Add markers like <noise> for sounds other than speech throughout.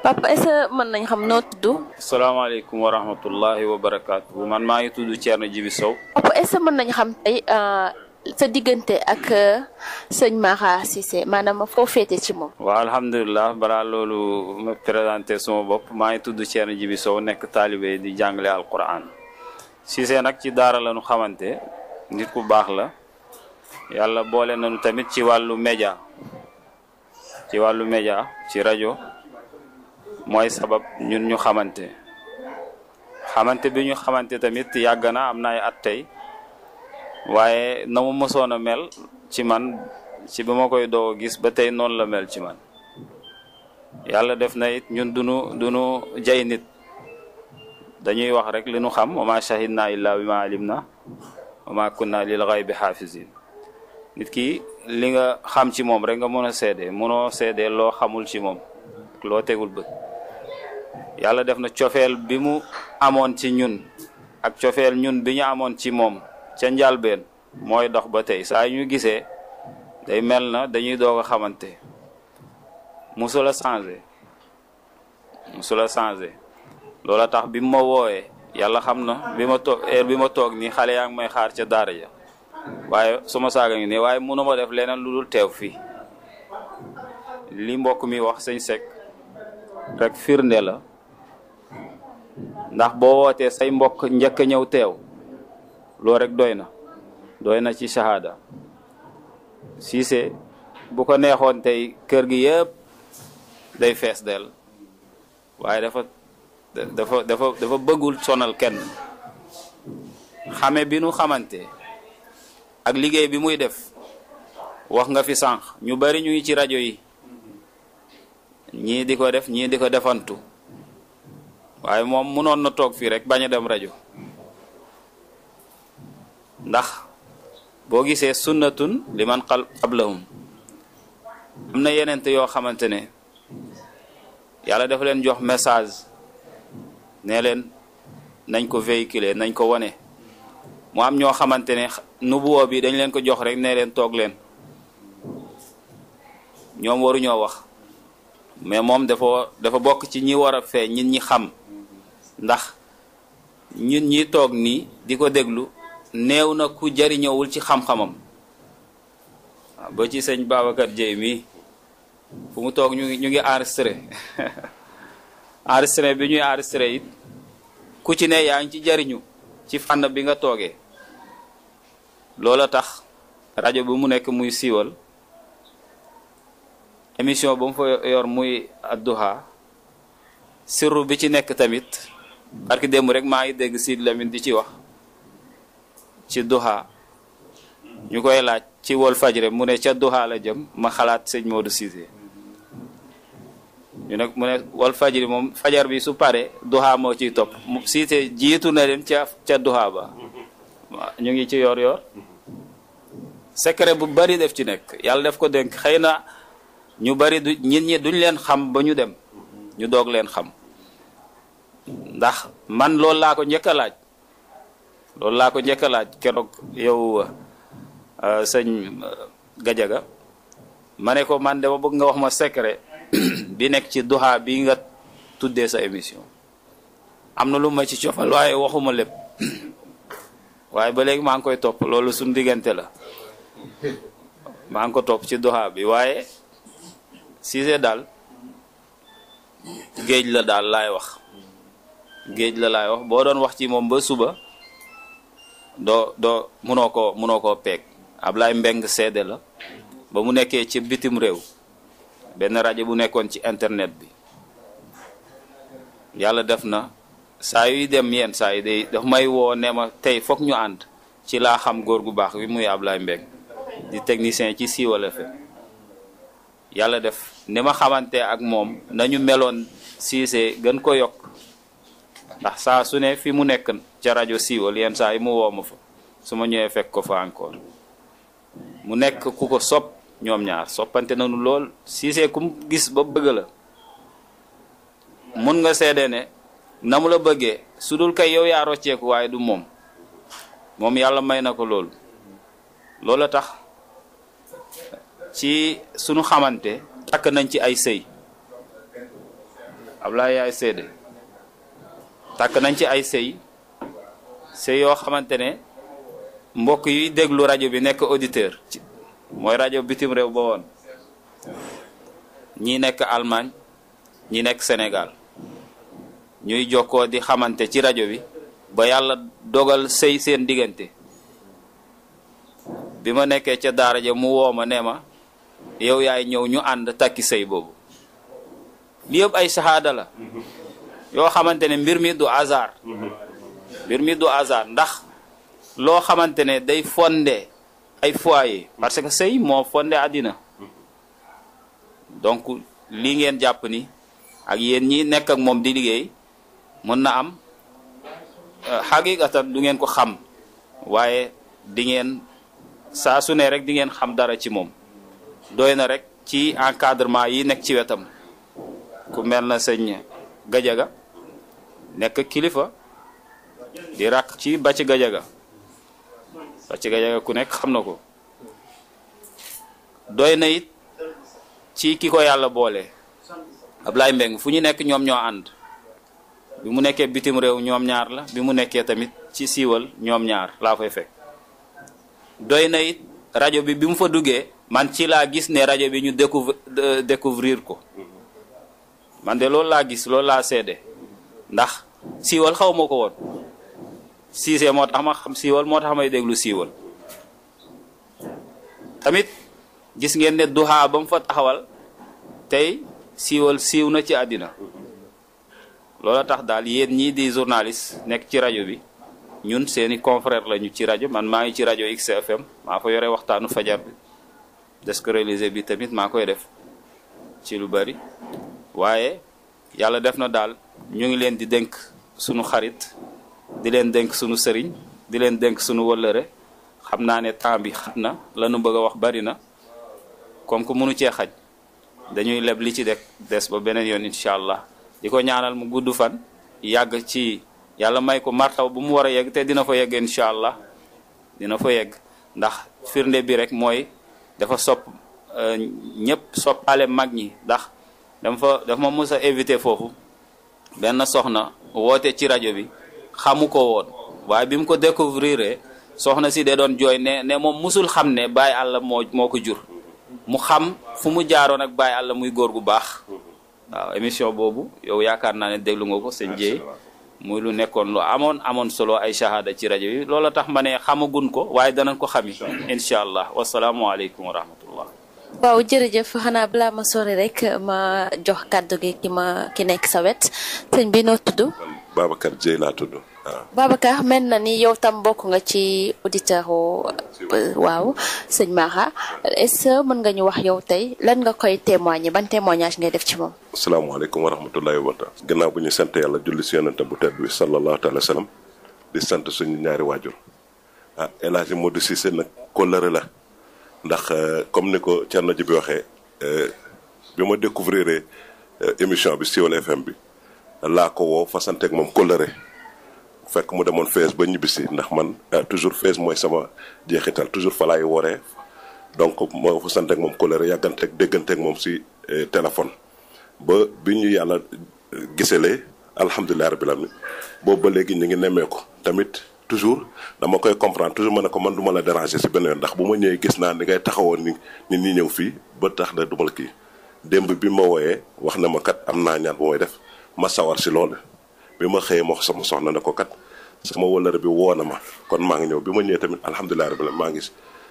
Papa esa ce mën nañ xam tuddu assalamu alaykum wa rahmatullahi wa barakatuh man ma ngi tuddu cierno Jibi Sow Papa est-ce mën nañ xam euh sa digënté ak sëñ maha Cissé maanaam fo fété ci mom wa alhamdullilah balaa mai me présenté sama bop ma ngi tuddu cierno Jibi Sow nek talibé di jàngalé alquran Cissé nak ci daara lañu xamanté nit ku bax la yalla boole nañu tamit ci walu média ci walu média ci radio mooy sabab ñun ñu xamante xamante bi ñu xamante tamit yàgg na am na at tey waaye na mu mosoon a mel ci man ci ba ma koy doo gis ba tey noonu la mel ci man yàlla def na it ñun duñu duñu jay nit dañuy wax rek li nu xam wa ma na illa bi ma alim na wa ma kunna lil ghaybi hafizin nit ki li nga xam ci moom rek nga mën a seede mënoo seede loo xamul ci moom loo tegul bët yàlla def na cofeel bi mu amoon ci ñun ak cofeel ñun bi ñu amoon ci moom ca njalbeen mooy dox ba tey saa yu ñu gisee day mel na dañuy doog a xamante musul a changé musul a changé loola tax bi ma woowee yàlla xam na bi ma toog heure bi ma toog nii xale yaa ngi may xaar ca daara ja waaye suma saaga ngi nii waaye mënu ma def leneen lu dul teew fii li mbokk mi wax sëñ Seck rek firnde la ndax boo wootee say mbokk njëkk a ñëw teew loo rek doy na doy na ci shahada Cissé bu ko neexoon tey kër gi yëpp day fees del waaye dafa dafa dafa bëggul sonal kenn xame bi nu xamante ak liggéey bi muy def wax nga fi sànq ñu bari ñu ci rajo yi ñii di ko def ñii di ko defantu waaye moom mënoon na toog fii rek bañ dem rajo ndax boo gisee sunnatun li man qablahum am na yeneen yoo xamante ne yàlla dafa leen jox message nee leen nañ ko véhiculer nañ ko wane mu am ñoo xamante ne nubuwoo bi dañ leen ko jox rek nee leen toog leen ñoom waruñoo wax mais moom dafa dafa bokk ci ñi war a feeñ ñit ñi xam ndax ñun ñi toog nii di ko déglu néew na ku jariñoowul ci xam-xamam ba ci sëñ Babacar Dieye mii fu mu toog ñu ngi ñu ngi enregistré <laughs> enregistré bi ñuy enregistré it ku ci ne yaa ngi ci jariñu ci fànn bi nga toogee loola tax rajo bi mu nekk muy siiwal émission ba mu fa yor muy Wadduha sirru bi ci nekk tamit barki démb rek maa ngi dégg Sidi Lamine di ci wax ci Duha ñu koy laaj ci wol faj mu ne ca Duha la jëm ma xalaat sëñ Modou Cissé ñu nag mu ne faj fajri moom fajar bi su pare Duha moo ciy topp mu Cissé jiitu na leen ca ca Duha ba ñu ngi ci yor yor secret bu bari def ci nekk yàlla def ko dénk xëy na ñu bari du ñi duñ leen xam ba ñu dem ñu doog leen xam ndax man lool laa ko njëkk a laaj loolu laa ko njëkk a laaj keroog yow euh, sëñ Gajaga ma ne ko man dama bëgg nga wax ma secret <clears throat> bi nekk ci duha bi nga tuddee sa émission am na lu ma ci cofal waaye waxuma lépp <clears throat> waaye ba léegi maa ngi koy topp loolu suñ diggante la maa ngi ko topp ci duha bi waaye Cissé daal géej la daal laay wax géej la lay wax boo doon wax ci moom ba suba doo doo munoo koo munoo koo peeg Ablaye Mbeng seede la ba mu nekkee ci bitim réew benn rajo bu nekkoon ci internet bi yàlla def na saa yuy dem yenn saa yi day may woo ne ma tey foog ñu ànd ci laa xam góor gu baax wi muy Ablaye Mbeng di technicien ci Siiwal FM yàlla def ni ma xamante ak moom nañu meloon siisee gën ko yokk ndax saa su ne fi mu nekk ca rajo siiwal yenn saa yi mu woo ma fa su ma ñëwee fekk ko fa encore mu nekk ku ko sopp ñoom ñaar soppante nañu lool siisee kum gis ba bëgg la mun nga seede ne na mu la bëggee su dul kay yow yaa rocceeku waaye du moom moom yàlla may na ko loolu loola tax ci sunu xamante takk nañ ci ay sëy Ablaye yaay seede takk nañ ci ay sëy sëy yoo xamante ne mbokk yuy déglu rajo bi nekk auditeur mooy rajo bitim réew ba woon ñi nekk almaañ ñi nekk senegal ñuy jokkoo di xamante ci rajo bi ba yàlla dogal sëy seen diggante bi ma nekkee ca daara ja mu woo ma nee ma yow yaay ñëw ñu ànd takki sëy boobu li yëpp ay shahada la yoo xamante ne mbir mi du hasard du hasard ndax loo xamante ne day fonde ay foyer parce que sëy moo fonde àddina donc lii ngeen jàpp ni ak yéen ñi nekk moom di liggéey mën na am euh, xaqiqatan du ngeen ko xam waaye di ngeen saa su ne rek di ngeen xam dara ci moom doy na rekk ci encadrement yi nekk ci wetam ku mel na sëñ Gajaga nekk kilifa di ràkk ci Bàcc Gajaga Bàcc Gajaga ku nekk xam na ko doy na it ci ki ko yàlla boole lay Mbeng fu ñu nekk ñoom ñoo ànd bi mu nekkee bitim réew ñoom ñaar la bi mu nekkee tamit ci siiwal ñoom ñaar laa fay fekk doy na rajo bi bi mu fa duggee man ci la gis ne radio bi ñu découvrir ko man de loolu la gis loolu la seede ndax siwol xaw won ko woon ma xam siwol moo may déglu tamit gis ngeen ne duha bam fa taxawal tay siwol siiw na ci adina lola tax dal yeen ñi di journaliste nek ci radio bi ñun seeni confrère lañu ci radio man maangi ci radio XFM ma fa yore waxtanu fajar des déscolarisé bi tamit maa koy def ci lu bari waaye yàlla def na daal ñu ngi leen di dénk sunu xarit di leen dénk sunu sëriñ di leen dénk sunu wëllëre xam naa ne temps bi xam na lanu bëgg a wax bari na comme que mënu cee xaj dañuy leb li ci de des ba beneen yoon incha allah di ko ñaanal mu gudd fan yàgg ci yàlla may ko martaw bu mu war a yegg te dina fa yegg incha allah dina fa yegg ndax firnde bi rek mooy dafa sopp euh, ñëpp soppaale mag ñi ndax dama fa dafa ma mos a invité foofu benn soxna woote ci rajo bi xamu ko woon waaye bi mu ko découvrir soxna si de doon jooy ne ne moom mosul xam ne baay Alla moo moo ko jur mu xam fu mu jaaroon ak Baye àlla muy góor gu baax waaw émission boobu yow yaakaar naa ne déglu nga ko sëñ Dieye muy lu nekkoon lu amoon amoon solo ay shahada ci rajo bi loola tax ma ne xamagun ko waaye danañ ko xami incha allah wasalaamualeykum wa rahmatullah waaw jërëjëf xanaa balaa ma sori rek ma jox kàddu gi ki ma ki nekk sa wet sëñ bi noo tudd Babacar laa tudd Babacar mel na ni yow tam bokk nga ci auditeur euh, waaw sëñ Mara est mën nga ñu wax yow tey lan nga koy témoigner ban témoignage ngay def ci moom. asalaamaaleykum wa rahmatullahi wa barakatuh. gannaaw bu ñu sant yàlla julli si yonente bu tedd bi sallallahu alayhi wa di sant suñu ñaari waajur ah El Hadj Modou Cissé nag kóllëre la ndax euh, comme ni ko Thierno ji bi waxee euh, bi ma découvrir émission bi Siwal FM bi laa ko woo fasanteeg moom kóllëre. fekk mu demoon fees ba ñibbisi ndax man euh, toujours fees mooy sama jeexital toujours fa laay woree donc moo fa sant ak moom colère yàggante ak déggante ak moom si euh, téléphone ba bi ñu yàlla euh, gisalee alhamdulilah rabbil alamin boobu ba léegi ñu ngi nemmee ko tamit toujours dama koy comprendre toujours ma ne ko man du ma la déranger si benn yoon ndax bu ma ñëwee gis naa ni ngay taxawoon ni ni ñi ñëw fii ba tax na dumal kii démb bi ma wooyee wax na ma kat am naa ñaan bu may def ma sawar si loolu bi ma xëyee ma sama soxna ne ko kat sama wëllare bi woo kon maa ngi ñëw bi ma ñëwee tamit alhamdulilah maa ngi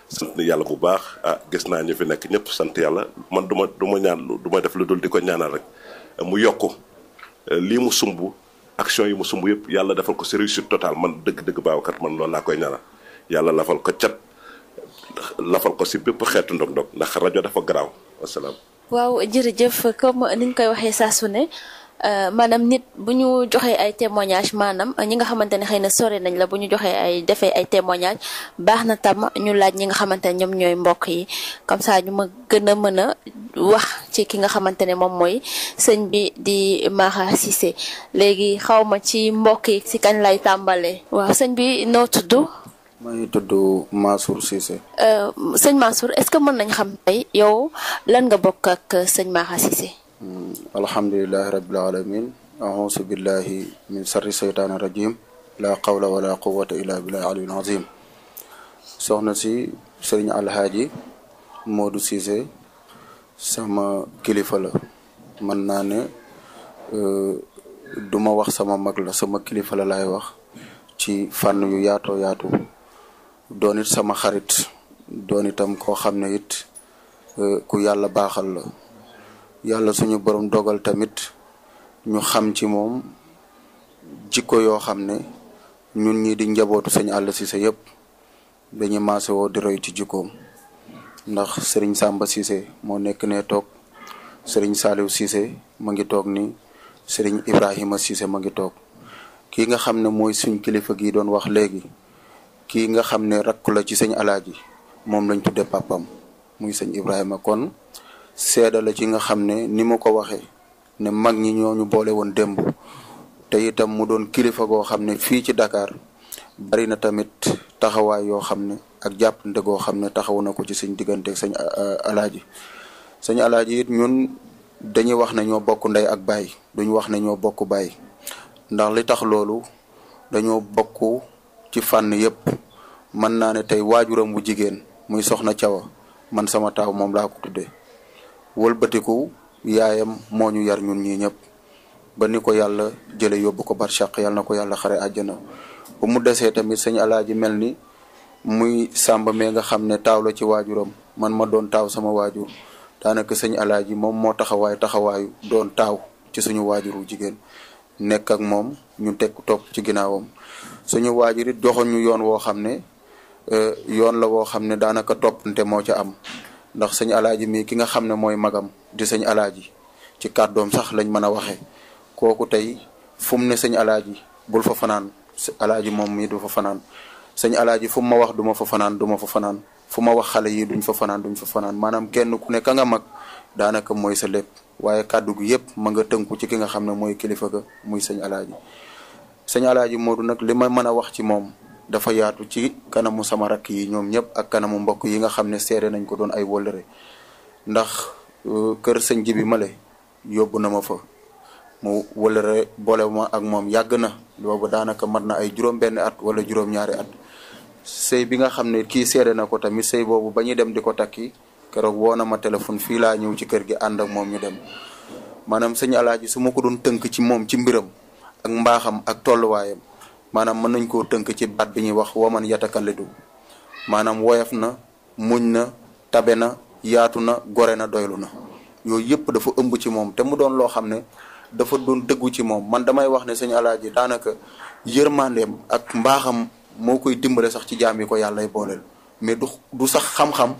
sant yàlla bu baax ah gis naa ñu fi nekk ñëpp sant yàlla man du ma du ma ñaan du def lu dul di ko ñaanal rek mu yokk eh, lii mu sumb action yi mu sumb yëpp yàlla defal ko si réussite totale man dëgg-dëgg baawakat man loolu laa koy ñaanal yàlla lafal ko cat lafal ko si bépp xeetu ndog-ndog ndax rajo dafa garaaw wasalaam. waaw jërëjëf comme ni koy waxee saa ne Euh, maanaam nit bu ñu joxee ay témoignage maanaam ñi nga xamante ne xëy na sore nañ la bu ñu joxee ay defee ay témoignage baax na tam ñu laaj ñi nga xamante ne ñoom ñooy mbokk yi comme ça ñu ma gën a mën a wax ci ki nga xamante ne moom mooy sëñ bi di Mara Cissé léegi xaw ci mbokk yi si kañ lay tàmbalee waaw sëñ bi noo tudd maa ngi tudd Mansour Cissé. Euh, sëñ Mansour est-ce que mën nañ xam tey yow lan nga bokk ak sëñ Mara Cissé alhamdulilahi rabbil alamin ahusu billahi min sarri seytaani rajim la qawla wala quwata illa billahi aliyul azim soxna si sëriñ alhaaji Modou Cissé sama kilifa la mën naa ne euh, du wax sama mag la sama kilifa la laay wax ci fànn yu yaatoo yaatu doon sama xarit donitam itam koo xam ne it euh, ku yàlla baaxal la yàlla suñu borom dogal tamit ñu xam ci moom jikko yoo xam ne ñun ñii di njabootu sëñ àll Cissé yëpp dañuy maase woo di roy ci jikkoom ndax sëriñ sàmba Cissé moo nekk ne toog sëriñ Saliou Cissé ma ngi toog ni sëriñ Ibrahima Cissé ma ngi toog kii nga xam ne mooy suñ kilifa gi doon wax léegi kii nga xam ne rakk la ci sëñ alaaji moom lañ tudde pàppam muy sëñ Ibrahima kon seeda ci nga xam ne ni mu ko waxee ne mag ñi ñoo ñu boole woon démb te itam mu doon kilifa goo xam ne fii ci Dakar bari na tamit taxawaay yoo xam ne ak jàppante goo xam ne taxaw na ko ci suñ diggante sañ alaaji sañ alaaji it ñun dañuy wax ne ñoo bokk ndey ak baay duñ wax ne ñoo bokk baay ndax li tax loolu dañoo bokk ci fànn yëpp mën naa ne tey waajuram jigéen muy soxna cawa man sama taaw moom laa ko tuddee wëlbatiku yaayam moo ñu yar ñun ñii ñëpp ba ni ko yàlla jële yóbbu ko barsàq yàlla na ko yàlla xare àjjana ba mu desee tamit sëñ alaaji mel ni muy sàmba mee nga xam ne taaw la ci waajuram man ma doon taaw sama waajur daanaka sëñ alaaji moom moo taxawaay taxawaayu doon taaw ci suñu waajuru jigéen nekk ak moom ñu teg topp ci ginnaawam suñu waajur it joxoon ñu yoon woo xam ne euh, yoon la woo xam ne daanaka toppante moo ca am ndax sëñ alaaji mi ki nga xam ne mooy magam di sëñ alaaji ci kàddoom sax lañ mën a waxee kooku tey fu ne sëñ alaaji bul fa fanaan alaaji moom mii du fa fanaan sëñ alaaji fu ma wax duma fa fanaan du ma fa fanaan fu ma wax xale yi duñ fa fanaan duñ fa fanaan maanaam kenn ku ne ka nga mag daanaka mooy sa lépp waaye kàddu gi yëpp ma nga tënku ci ki nga xam ne mooy kilifa ga muy sëñ alaaji sëñ alaaji Modou nag li ma mën a wax ci moom dafa yaatu ci kanamu sama rakk yi ñoom ñëpp ak kanamu mbokk yi nga xam ne seere nañ ko doon ay wóllëre ndax euh, kër sëñ ji bi male yóbbu na ma fa mu wóllëre boole ma ak moom yàgg na boobu daanaka mat na ay juróom-benn at wala juróom-ñaari at sëy bi nga xam ne kii seere na ko tamit sëy boobu ba ñuy dem di ko takki keroog woo na ma téléphone fii laa ñëw ci kër gi ànd ak moom ñu dem maanaam sëñ alaaji su ma ko doon tënk ci moom ci mbiram ak mbaaxam ak tolluwaayam maanaam mën nañ koo tënk ci baat bi ñuy wax man waman yatakallidu maanaam woyof na muñ na tabe na yaatu na gore na doylu na yooyu yëpp dafa ëmb ci moom te mu doon loo xam ne dafa doon dëggu ci moom man damay wax ne sëñ alaaji daanaka yërmandeem ak mbaaxam moo koy dimbale sax ci jaam yi ko yàllay booleel mais du du sax xam-xam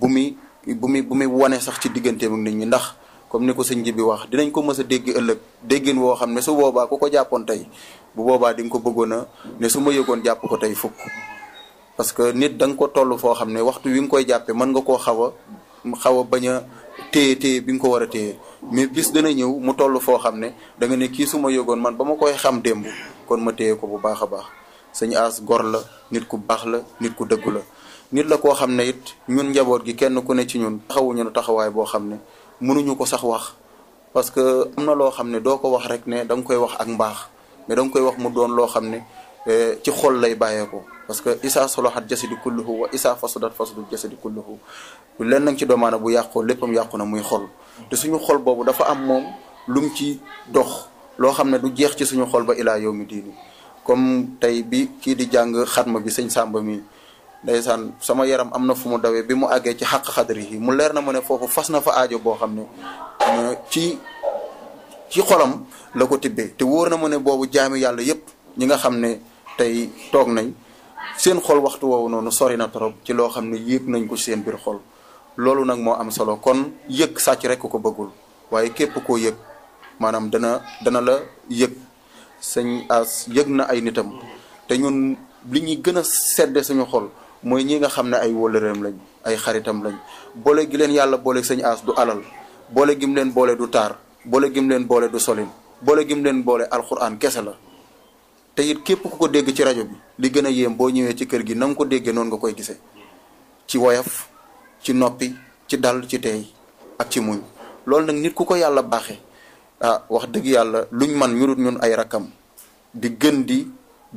bu muy bu muy bu muy wone sax ci digganteem ak nit ñi ndax comme ni ko sëñ ji bi wax dinañ ko mës a dégg ëllëg déggin woo xam ne su boobaa ko ko jàppoon tey bu boobaa dinga ko bëggoon a ne su ma yëgoon jàpp ko tey fukk parce que nit da ko toll foo xam ne waxtu wi nga koy jàppee mën nga koo xaw a xaw a bañ a téye bi nga ko war a téye mais bis dana ñëw mu toll foo xam ne da nga ne kii su ma yëgoon man ba ma koy xam démb kon ma téye ko bu baax a baax sëñ As gor la nit ku baax la nit ku dëggu la nit la koo xam ne it ñun njaboot gi kenn ku ne ci ñun taxawuñu taxawaay boo xam ne mënuñu ko sax wax parce que am na loo xam ne doo ko wax rek ne da koy wax ak mbaax mais da koy wax mu doon loo xam ne eh, ci xol lay bàyyeekoo parce que isaa soloxat jasadi kulluhu wa isaa fasadat fasadul jasadi kulluhu leen nag ci doomaana bu yàqoo léppam yàqu na muy xol te suñu xol boobu dafa am moom lum ci dox loo xam ne du jeex ci suñu xol ba ilaa yow mi diini comme tey bi kii di jàng xatma bi sëñ Sàmba mi ndeysaan sama yaram am na fu mu dawee bi mu àggee ci xàq xadri yi mu leer na ma ne foofu fas na fa aajo boo xam ne ci ci xolam la ko tibbee te wóor na ma ne boobu jaami yàlla yépp ñi nga xam ne tey toog nañ seen xol waxtu woowu noonu sori na trop ci loo xam ne yéeg nañ ko seen biir xol loolu nag moo am solo kon yëg sàcc rekk ko bëggul waaye képp koo yëg maanaam dana dana la yëg sëñ as yëg na ay nitam te ñun li ñuy gën a sedde suñu xol mooy ñii nga xam ne ay wóllëreem lañ ay xaritam lañ boole gi leen yàlla boole sëñ As du alal boole gim leen boole du taar boole gim leen boole du solin boole gim leen boole alxuraan kese la te képp ku ko dégg ci rajo bi li gën a yéem boo ñëwee ci kër gi nangu ko dégg noon nga koy gisee ci woyof ci noppi ci dal ci teey ak ci muñ loolu nag nit ku ko yàlla baaxee ah wax dëgg yàlla luñ man ñu ñun ay rakkam di gën di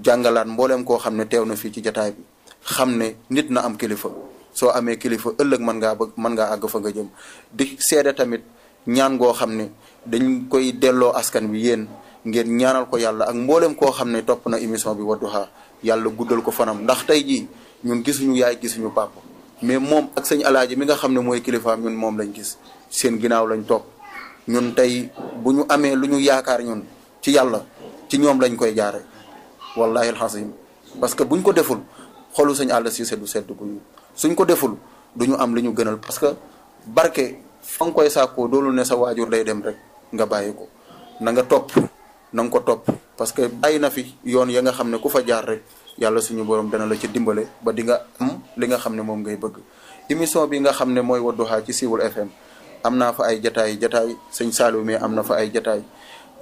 jàngalaat mbooleem koo xam ne teew na fii ci jataay bi xam ne nit na am kilifa soo amee kilifa ëllëg mën ngaa bëgg mën ngaa àgg fa nga jëm di seede tamit ñaan goo xam ne dañ koy delloo askan bi yéen ngeen ñaanal ko yàlla ak mboolem koo xam ne topp na émission bi Wadduha yàlla guddal ko fanam ndax tey jii ñun gisuñu yaay gisuñu pàpp mais moom ak sëñ alaaji mi nga xam ne mooy kilifaam ñun moom lañ gis seen ginnaaw lañ topp ñun tey bu ñu amee lu ñu yaakaar ñun ci yàlla ci ñoom lañ koy jaare wallahi alxasim parce que xolu suñu àll si seddu seddu guyu suñ ko deful du ñu am lu ñu gënal parce que barke fa nga koy sàkkoo doolu ne sa waajur day dem rek nga bàyyi ko na nga topp na nga ko topp parce que bàyyi na fi yoon ya nga xam ne ku fa jaar rek yàlla suñu borom dana la ci dimbale ba di nga am li nga xam ne moom ngay bëgg émission bi nga xam ne mooy Wadduha ci Siwul FM am naa fa ay jataay jataay sëñ Saliou mi am na fa ay jataay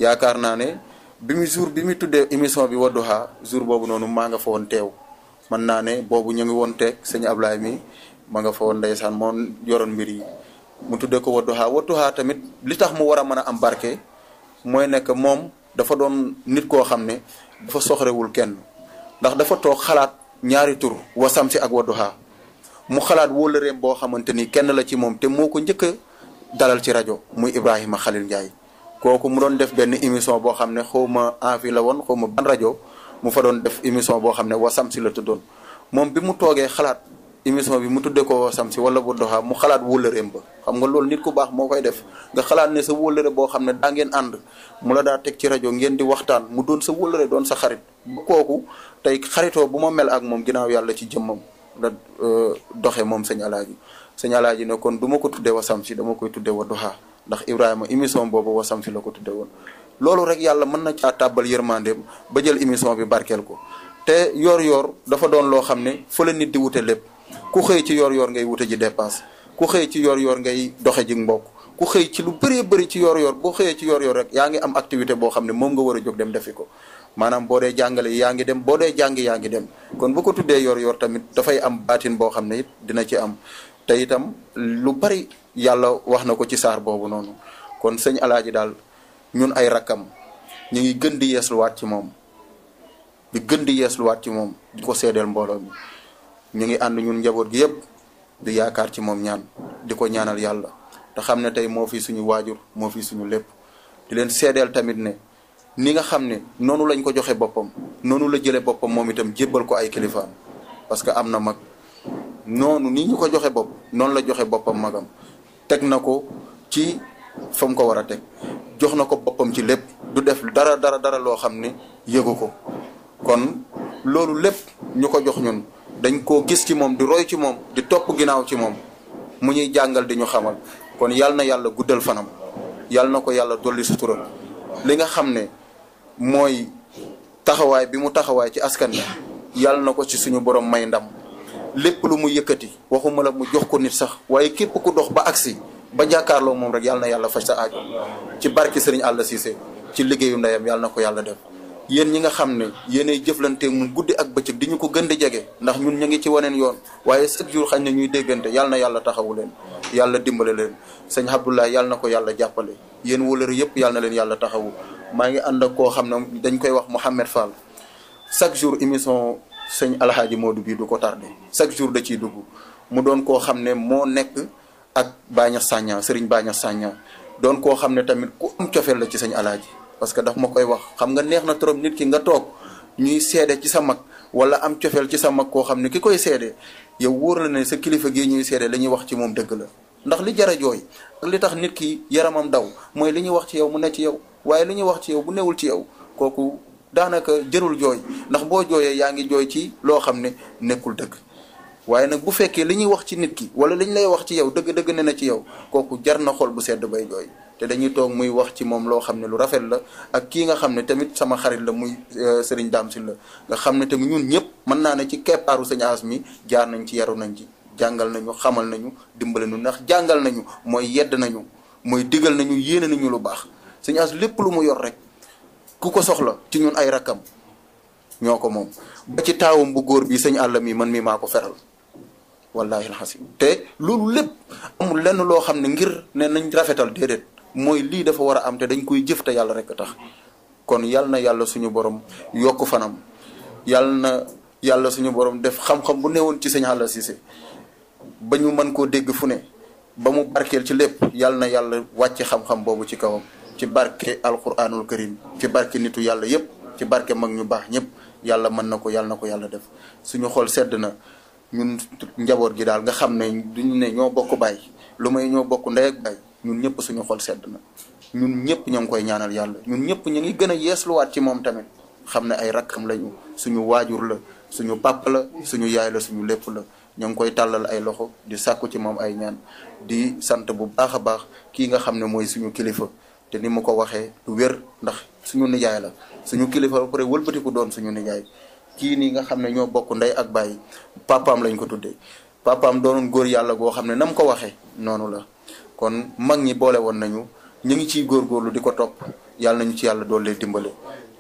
yaakaar naa ne bi mu jour bi mu tuddee émission bi Wadduha jour boobu noonu maa nga fa teew man naa ne boobu ñu ngi woon teeg sëñ Ablaye mi ma nga fa woon ndeysaan moo yoroon mbir yi mu tuddee ko wadduhaa wadduhaa tamit li tax mu war a mën a am barke dafa doon nit koo xam ne dafa soxrewul kenn ndax dafa toog xalaat ñaari tur wasam si ak wadduhaa mu xalaat wóolëreem boo xamante ni kenn la ci moom te moo ko dalal ci rajo muy Ibrahima Khalil Ndiaye kooku mu doon def benn émission boo xam ne xaw ma envi la woon xaw ban rajo mu fa doon def émission boo xam ne wasam si la tuddoon moom bi mu toogee xalaat émission bi mu tuddee ko wasam si wala doxa mu xalaat wóllëreem ba xam nga loolu nit ku baax moo koy def nga xalaat ne sa wóllëre boo xam ne daa ngeen ànd mu la daa teg ci rajo ngeen di waxtaan mu doon sa wóllëre doon sa xarit bu kooku tey xaritoo bu ma mel ak moom ginnaaw yàlla ci jëmmam la euh, doxee moom sëñ Alaaji sëñ Alaaji ne kon du ma ko tuddee wasam si dama koy tuddee Wadduha ndax Ibrahima émission boobu wasam si la ko tuddee woon loolu rek yàlla mën na caa tàbbal yërmandeem ba jël émission bi barkeel ko te yor-yor dafa doon loo xam ne fa la nit di wute lépp ku xëy ci yor yoor ngay wute ji dépense ku xëy ci yor-yor ngay doxe ji mbokk ku xëy ci lu bëree bëri ci yoor yoor boo xëyee ci yor-yor rek yaa ngi am activité boo xam ne moom nga war a jóg dem defi ko maanaam boo dee jàngale yaa ngi dem boo dee jàng yaa ngi dem kon bu ko tuddee yor-yor tamit dafay am baatin boo xam ne it dina ci am te itam lu bari yàlla wax na ko ci saar boobu noonu kon sëñ alaaji daal ñun ay rakkam ñu ngi gën di yeesluwaat ci moom di gën di yeesluwaat ci moom di ko seedeel mbooloo mi ñu ngi ànd ñun njaboot gi yëpp di yaakaar ci moom ñaan di ko ñaanal yàlla te xam na tey moo fi suñu waajur moo fi suñu lépp di leen seedeel tamit ne ni nga xam ne noonu lañ ko joxe boppam noonu la jële boppam moom itam jébbal ko ay kilifaam parce que am na mag noonu ni ñu ko joxe bopp noonu la joxe boppam magam teg na ko ci fa ko war a teg jox na ko boppam ci lépp du def dara dara dara loo xam ne yëgu ko kon loolu lépp ñu ko jox ñun dañ ko gis ci moom di roy ci moom di topp ginnaaw ci moom mu ñuy jàngal di ñu xamal kon yal na yàlla guddal fanam yal na ko yàlla dolli sutura li nga xam ne mooy taxawaay bi mu taxawaay ci askan wi yal na ko ci suñu borom may ndam lépp lu mu yëkkati waxuma la mu jox ko nit sax waaye képp ku dox ba agsi ba jàkkaarloo moom rek yàlla yàlla faj sa aajo ci barki sëriñ Alla Cissé ci liggéeyu ndeyam yàlla na ko yàlla def yéen ñi nga xam ne yéenay jëflanteeg mu guddi ak bëccëg di ñu ko gën di jege ndax ñun ñu ngi ci waneen yoon waaye chaque jour xañ na ñuy déggante yàlla na yàlla taxawu leen yàlla dimbale leen sëñ Abdoulaye yàlla na ko yàlla jàppale yéen wóolër yëpp yàlla na leen yàlla taxawu maa ngi ànd ak koo xam ne dañ koy wax Mouhamed Fall chaque jour émission sëñ Alhaaji Modou bii du ko tardé chaque jour da ciy dugg mu doon koo xam ne moo nekk ak bañax Sagna Serigne Baña Sagna doon koo xam ne tamit ku am cofeel la ci sëñ alaaji parce que daf ma koy wax xam nga neex na trop nit ki nga toog ñuy seede ci sa mag wala am cofeel ci sa mag koo xam ne ki koy seede yow wóor la ne sa kilifa gii ñuy seede la ñuy wax ci moom dëgg la ndax li jara jooy li tax nit ki yaramam daw mooy li ñuy wax ci yow mu ne ci yow waaye li ñuy wax ci yow bu newul ci yow kooku daanaka jërul jooy ndax boo jooyee yaa ngi jooy ci loo xam ne nekkul dëgg waaye nag bu fekkee li ñuy wax ci nit ki wala li ñu lay wax ci yow dëgg-dëgg ne na ci yow kooku jar na xol bu sedd bay jooy te dañuy toog muy wax ci moom loo xam ne lu rafet la ak kii nga xam ne tamit sama xarit la muy euh, Serigne Dame Sylla la nga xam ne tamit ñun ñëpp mën naa ne ci keppaaru Sëñ As mi jaar nañ ci yaru nañ ci jàngal nañu xamal nañu dimbale nu ndax jàngal nañu mooy yedd nañu mooy digal nañu yéene nañu lu baax Sëñ As lépp lu mu yor rek ku ko soxla ci ñun ay rakkam ñoo ko moom ci taawam bu góor bi sëñ àll mi man mi maa ko feral wallaahi alxasim te loolu lépp amul lenn loo xam ne ngir ne nañ rafetal déedéet mooy lii dafa war a am te dañ koy jëf te yàlla rek tax kon yàlla na yàlla suñu borom yokk fanam yàlla na yàlla suñu borom def xam-xam bu newoon ci sëñ Alla Cissé ba ñu mën koo dégg fu ne ba mu barkeel ci lépp yàlla na yàlla wàcce xam-xam boobu ci kawam ci barke alquranul karim ci barke nitu yàlla yëpp ci barke mag ñu baax ñëpp yàlla mën na ko yàlla na ko yàlla def suñu xol sedd na ñun njaboot gi daal nga xam ne duñu ne ñoo bokk baay lu may ñoo bokk ndey baay ñun ñëpp suñu xool sedd na ñun ñëpp ñoo ngi koy ñaanal yàlla ñun ñëpp ñu ngi gën a yeesluwaat ci moom tamit xam ne ay rakkam lañu suñu waajur la suñu pàpp la suñu yaay la suñu lépp la ñoo ngi koy tàllal ay loxo di sàkku ci moom ay ñaan di sant bu baax a baax kii nga xam ne mooy suñu kilifa te ni mu ko waxee du wér ndax suñu nijaay la suñu kilifa ba pare wëlbatiku doon suñu nijaay kii nii nga xam ne ñoo bokk ndey ak baay papaam lañ ko tuddee papaam doonu góor yàlla goo xam ne nam ko waxee noonu la kon mag ñi boole woon nañu ñu ngi ciy góorlu di ko topp yàlla nañu ci yàlla doole dimbale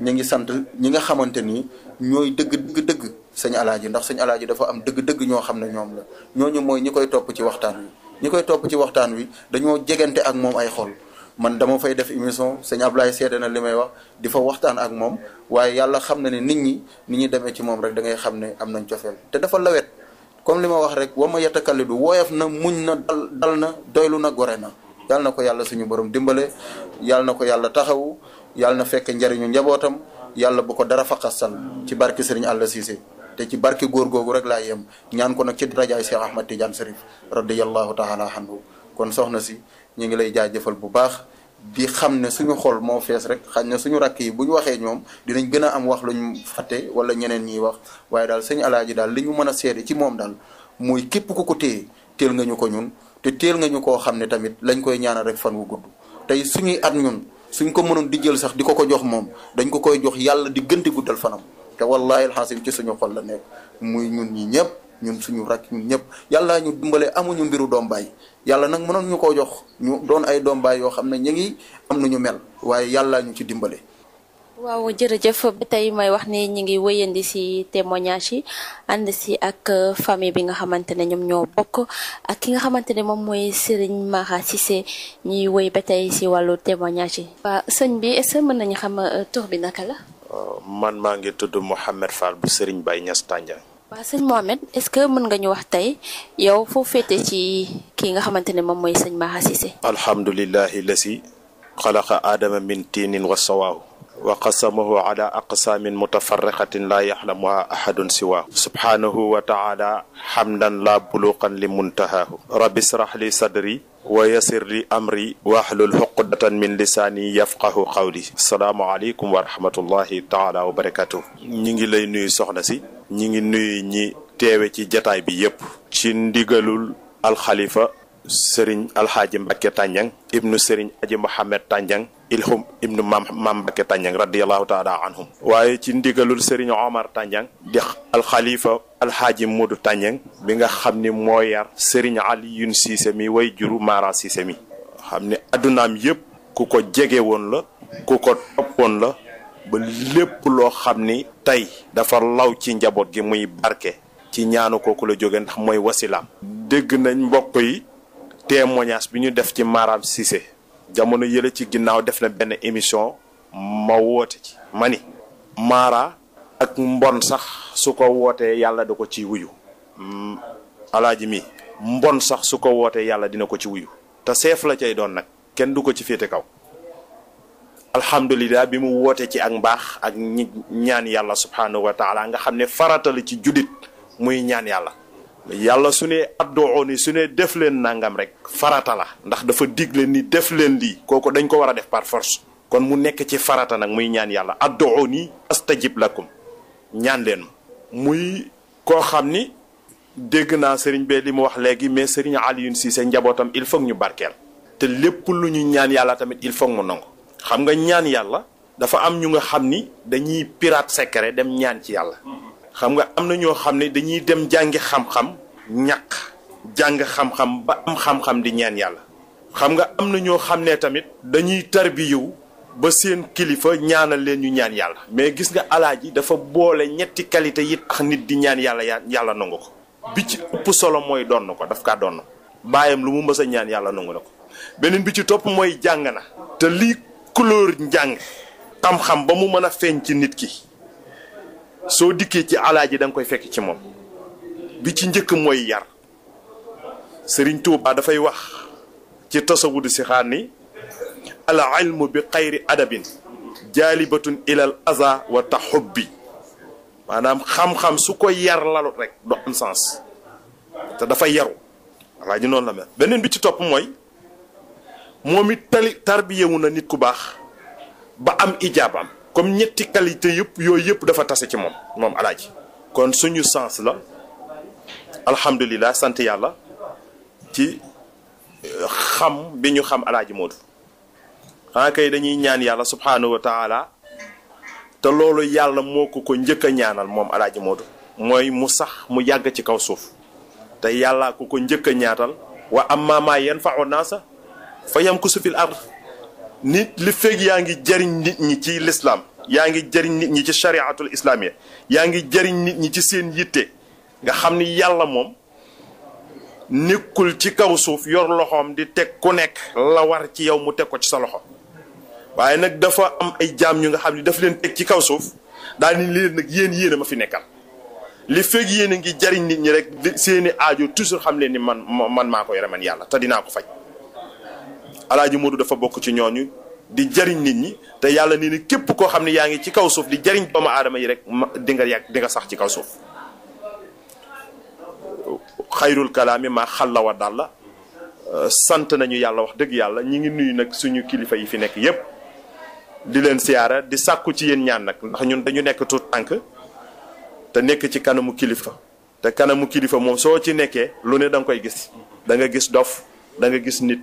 ñu ngi sant ñi nga xamante ni ñooy dëgg dëgg dëgg sëñ alaaji ndax sëñ alaaji dafa am dëgg-dëgg ñoo xam ne ñoom la ñoo ñu mooy ñi koy topp ci waxtaan wi ñi koy topp ci waxtaan wi dañoo jegante ak moom ay xol man dama fay def émission sëñ Ablaye seede na li may wax di fa waxtaan ak moom waaye yàlla xam na ne nit ñi ni ñi demee ci moom rek da ngay xam ne am nañ cofeel te dafa lawet comme li ma wax rek wa ma yatakallidu woyof na muñ na dal na doylu na gore na yàlla na ko yàlla suñu borom dimbale yàlla na ko yàlla taxawu yàlla na fekk njariñu njabootam yàlla bu ko dara faqasal ci barke Serigne Alla Cissé te ci barke góor googu rek laa yem ñaan ko nag ci darajaay Cheikh Ahmad Tidiane Serif radiyallahu taala anhu kon soxna si ñu ngi lay jaajëfal bu baax di xam ne suñu xol moo fees rek xañ na suñu rakk yi bu ñu waxee ñoom dinañ gën a am wax luñ fàtte wala ñeneen ñiy wax waaye daal sëñ alaaji daal li ñu mën a seede ci moom daal muy képp ku ko téye teel nga ko ñun te teel nga ñu koo xam ne tamit lañ koy ñaanal rek fan wu gudd tey suñuy at ñun suñ ko mënoon di jël sax di ko ko jox moom dañ ko koy jox yàlla di gënti guddal fanam te wallaahi alxasim ci suñu xol la nekk muy ñun ñi ñëpp ñun suñu rak ñun ñep Yalla ñu dimbale amuñu mbiru dom bay yalla nak mënon ñuko jox ñu doon ay dom bay yo xamné ñi ngi am nañu mel waye yalla ñu ci dimbalé waaw jërëjëf ba tay may wax ni ñi ngi wëyëndi si témoignage yi and si ak euh, famille bi nga xamantene ñom bokk ak ki nga xamantene mom moy serigne maha Cissé ñi wëy ba tay si walu témoignage yi waa bi est ce mën nañu xam euh, tour bi naka la euh, man maa ngi tudd Mohamed Fall bu Serigne Baye Niass Tandiang waaw sëñ Mohamed est-ce que mën nga ñu wax tey yow foo féete ci kii nga xamante ne moom mooy sëñ Maha Cissé alhamdulillahi lasi xalaqa aadama min tiinin wa sawaahu wa qasamahu ala aqsaamin mutafarriqatin laa yaxlamuha ahadun siwaahu subhaanahu wa taala xamdan laa buluqan li muntahaahu rabbi israh sadri wa yasir li amri waxlul xuqdatan min lisaani yafqahu qawli asalaamu aleykum wa rahmatullahi taala wa barakatuh ñi ngi lay nuyu soxna si ñi ngi nuyu ñi teewe ci jataay bi yépp ci ndigalul alxalifa sëriñ alxaaji Mbacke Tànjang ibnu sëriñ aji Mohamed Tànjang ilhum ibnu maam maam Mbacke Tànjang radiallahu taala anhum waaye ci ndigalul sëriñ Omar Tànjang di alxalifa alxaaji Mudu Tànjang bi nga xam ni moo yar sëriñ Aliyun Siise mi way juru Mara Siise mi xam ni addunaam yépp ku ko jege woon la ku ko toppoon la ba lépp loo xam ni tey dafa law ci njaboot gi muy barke ci ñaanu kooku la jóge ndax mooy wasilaam dégg nañ mbokk yi te témoignage bi ñu def ci Maram Cissé jamono yële ci ginnaaw def na benn émission ma woote ci mani Mara ak mbon sax su ko wootee yàlla da ko ci wuyu mm, alaaji mi mbon sax su ko wootee yàlla dina ko ci wuyu te seef la cay doon nag kenn du ko ci féete kaw alhamdulilah bi mu woote ci ak mbaax ak ñaan yàlla subhanahu wa taala nga xam ne faratalu ci julit muy ñaan yàlla Yalla suné ne ni suné def len nangam rek farata la ndax dafa digle ni def len li koko dañ ko wara def par force kon mu nek ci farata nak muy ñaan yalla addoo ni astajib lakum ñaan len muy ko xamni deg na serigne be bee li mu wax ilfong mais yun Alioune sen njabootam il faut ñu barkel te lepp lu ñu ñaan yalla tamit il faut mu nangu xam nga ñaan yalla dafa am ñu nga xamni dañuy pirate secret dem ñaan ci xam nga am na ñoo xam ne dañuy dem jàngi xam-xam ñàkk jàng xam-xam ba am xam-xam di ñaan yàlla xam nga am na ñoo xam ne tamit dañuy tarbiyu ba seen kilifa ñaanal leen ñu ñaan yàlla mais gis nga alaaji dafa boole ñetti qualité yi tax nit di ñaan yàlla yàlla nangu ko bi ci ëpp solo mooy donn ko daf kaa donn bàyyam lu mu mës a ñaan yàlla nangu na ko beneen bi ci topp mooy jàng na te lii couleur njàng xam-xam ba mu mën a feeñ ci nit ki soo dikkee ci alaaji da nga koy fekk ci moom bi ci njëkk mooy yar sëriñ Tuubaa dafay wax ci tasawudu si xaar ni al ilmu bi xayri adabin jaalibatun ilal aza wa taxubbi maanaam xam-xam su koy yar lalut rek du am sens te dafa yaru alaaji noonu la mel beneen bi ci topp mooy moom it tali tarbiyewu na nit ku baax ba am ijaabaam comme ñetti qualité yëpp yooyu yëpp dafa tase ci moom moom alaaji kon suñu sens la alhamdulilah sant yàlla ci euh, xam bi ñu xam alaaji moodu xanaa ah, kay dañuy ñaan yàlla subhaanahu wa taala te loolu yàlla moo ko ko njëkk a ñaanal moom alaaji moodu mooy mu sax mu yàgg ci kaw suuf te yàlla ko ko njëkk ñaatal wa amma yen yanfa'u naasa fa yamkusu fil ard nit li fekk yaa ngi jëriñ nit ñi ci lislaam yaa ngi jëriñ nit ñi ci chariatul islaamiya yaa ngi jëriñ nit ñi ci seen yitte nga xam ni yàlla moom nekkul ci kaw suuf yor loxoom di teg ku nekk la war ci yow mu teg ko ci sa loxo waaye nag dafa am ay jaam ñu nga xam ni daf leen teg ci kaw suuf daal ni leen nag yéen yéen a ma fi nekkal li fekk yéen a ngi jariñ nit ñi rek seeni aajo toujours xam leen ni man man maa koy remen yàlla te dinaa ko faj alaaji Modou dafa bokk ci ñooñu di jariñ nit ñi te yàlla ni ni képp koo xam ne yaa ngi ci kaw suuf di jariñ doomu aadama yi rek di nga yàgg di nga sax ci kaw suuf xayrul kalaami maa xalla wa dalla euh, sant nañu yàlla wax dëgg yàlla ñi ngi nuyu nag suñu kilifa yi fi nekk yépp di leen siyaara di sàkku ci yéen ñaan nag ndax ñun dañu nekk tuut tànk te nekk ci kanamu kilifa te kanamu kilifa moom soo ci nekkee lu ne da koy gis da nga gis dof da nga gis nit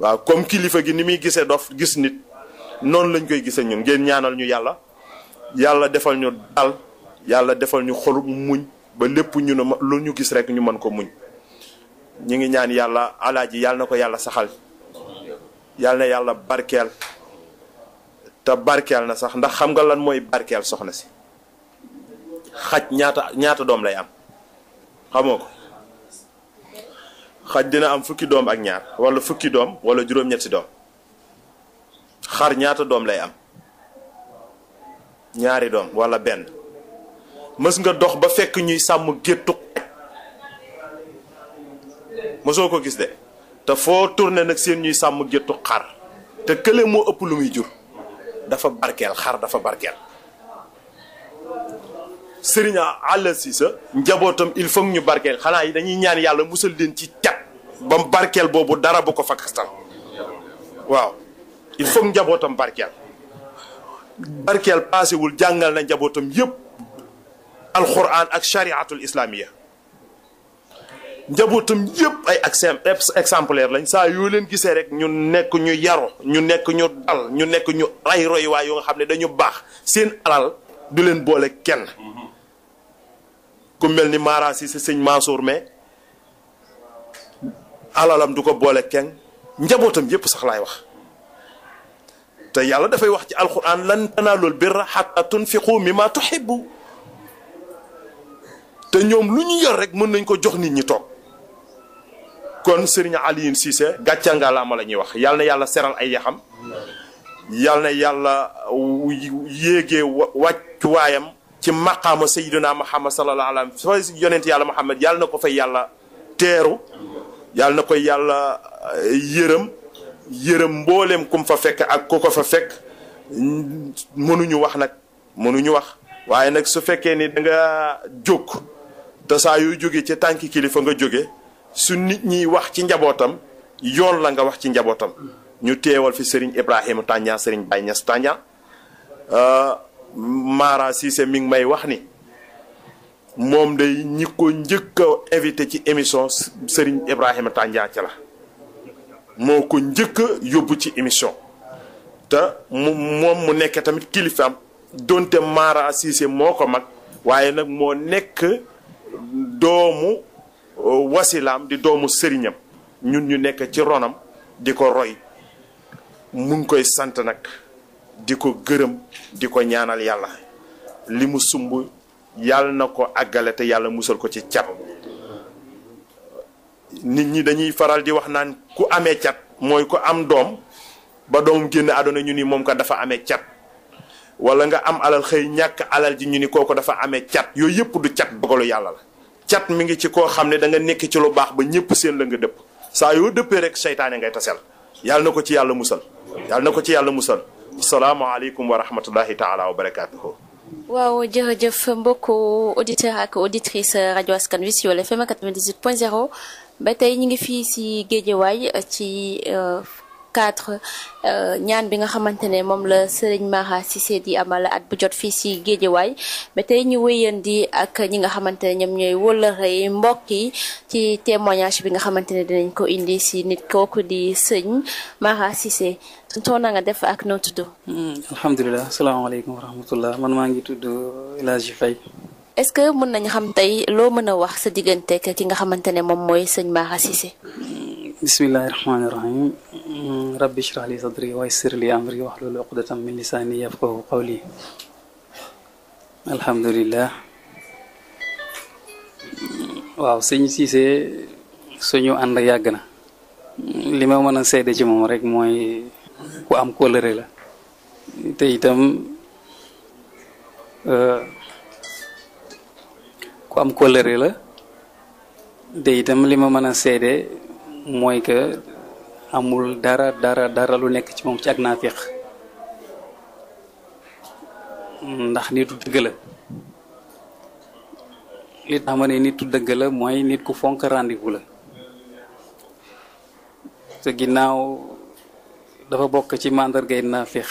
waaw comme kilifa gi ni muy gisee dof gis nit noonu lañ koy gisee ñun ngeen ñaanal ñu yàlla yàlla defal ñu dal yàlla defal ñu xolu muñ ba lépp ñu ne lu ñu gis rek ñu mën ko muñ ñu ngi ñaan yàlla alaaji yàlla na ko yàlla saxal yàlla na yàlla barkeel te barkeel na sax ndax xam nga lan mooy barkeel soxna si xaj ñaata ñaata doom lay am xamoo ko xaj dina am fukki doom ak ñaar wala fukki doom wala juróom ñetti doom xar ñaata doom lay am ñaari doom wala benn mës nga dox ba fekk ñuy sàmm géttu mosoo ko gis de te foo tourné nag seen ñuy sàmm géttu xar te kële moo ëpp lu muy jur dafa barkeel xar dafa barkeel sëriñ Alla Cissé njabootam il faut ñu barkeel xanaa yi dañuy ñaan yàlla musal leen ci cat ba barkeel boobu dara bu ko fakastal waaw il faut njabootam barkeel barkeel paasewul jàngal na njabootam yëpp alxuraan ak chariatul islamiya njabootam yépp ay exemplaire lañ saa yoo leen gisee rek ñu nekk ñu yaro ñu nekk ñu dal ñu nekk yoo nga xam ne dañu baax seen alal du leen boole kenn ku mel ni Mara Cissé sëñ Mansour alalam du ko boole kenn njabootam yépp sax laay wax te yàlla dafay wax ci alquran lan tanaalul birra hatta tunfiqu mimma tuhibbu te ñoom lu ñu yor rek mën nañ ko jox nit ñi toog kon sëriñ Alioune Cissé gàcca nga la ama ñuy wax yàlla na yàlla seral ay yaxam yàlla na yàlla yéegee wàccuwaayam ci maqaama sayyidina Muhammad sallallahu alayhi wa sallam yonent yàlla Muhammad yàlla na ko fay yàlla teeru na koy yàlla eh, yërëm yërëm mboolem kum fa fekk ak ku ko fa fekk mënuñu wax nag mënuñu wax waaye nag su fekkee ni danga nga jóg te saa jóge ci tànki kilifa nga jóge su nit ñiy wax ci njabootam yoon la nga wax ci njabootam ñu teewal fi Serigne Ibrahima Tandian Serigne Baye Niass Tandian euh, Mara Cissé mi ngi may wax ni moom day ñi ko njëkk invité ci émission Serigne Ibrahima Tandian ci la moo ko njëkk yóbbu ci émission te mu moom mu nekk tamit kilifaam donte Mara Cissé moo ko mag waaye nag moo nekk doomu euh, wasilaam di doomu sëriñam ñun ñu nekk ci ronam di ko roy mu ngi koy sant nag Diko ko gërëm di ñaanal yalla limu sumbu yalla nako agalete ko àggale te ko ci cat nit ñi dañuy faral di wax naan ku amé cat moy ku am dom ba dom genn aduna ñu ni mom ka dafa amé cat wala nga am alal xey ñak alal ji ñu ni koko dafa amé cat yoy yep du cat dogalu yalla la cat mi ngi ci ko xam da nga nekk ci lu bax ba ñepp seen la nga depp sa yo deppé rek shaytané ngay tassel yalla nako ci yalla musal yalla nako ci yalla musal salaamaaleykum wa rahmatullahi taala wa barakaatuhu. waaw jërëjëf mbokku auditeur ak auditrice rajo askan wi Sud FM 98 point 0 ba tey ñu ngi fii si Géejawaay ci. Euh, cadre euh, ñaan bi nga xamante ne moom la Serigne Mara Cissé di amal at bu jot fii si Géejawaay ba tey ñu wéyandi ak ñi nga xamante ne ñoom ñooy wëllëre yi mbokk yi ci témoignage bi nga xamante ne dinañ ko indi si nit kooku di sëñ Mara Cissé soo na nga def ak noo tudd. Hmm, alhamdulilah salaamaaleykum wa rahmatullah man maa ngi tudd El Hadj est-ce que mën nañ xam tey loo mën a wax sa diggante ki nga xamante ne moom mooy sëñ Mara Cissé. Hmm, bismillahi rahmaanirahim rabbi shrah li sadri wa yassir li amri wahlul uqdatan min lisaani yafqahu qawli alhamdulillah waaw sëñ Cissé suñu ànd yàgg na lima ma mën a seede ci moom rek mooy ku am kóllëre la te itam euh, ku am kóllëre la te itam li ma mooy que amul dara dara dara lu nekk ci moom ci ak naafiq ndax nitu dëgg la dëgg la mooy nit ku fonk rendi vous la te ginnaaw dafa bokk ci màndargay naafiq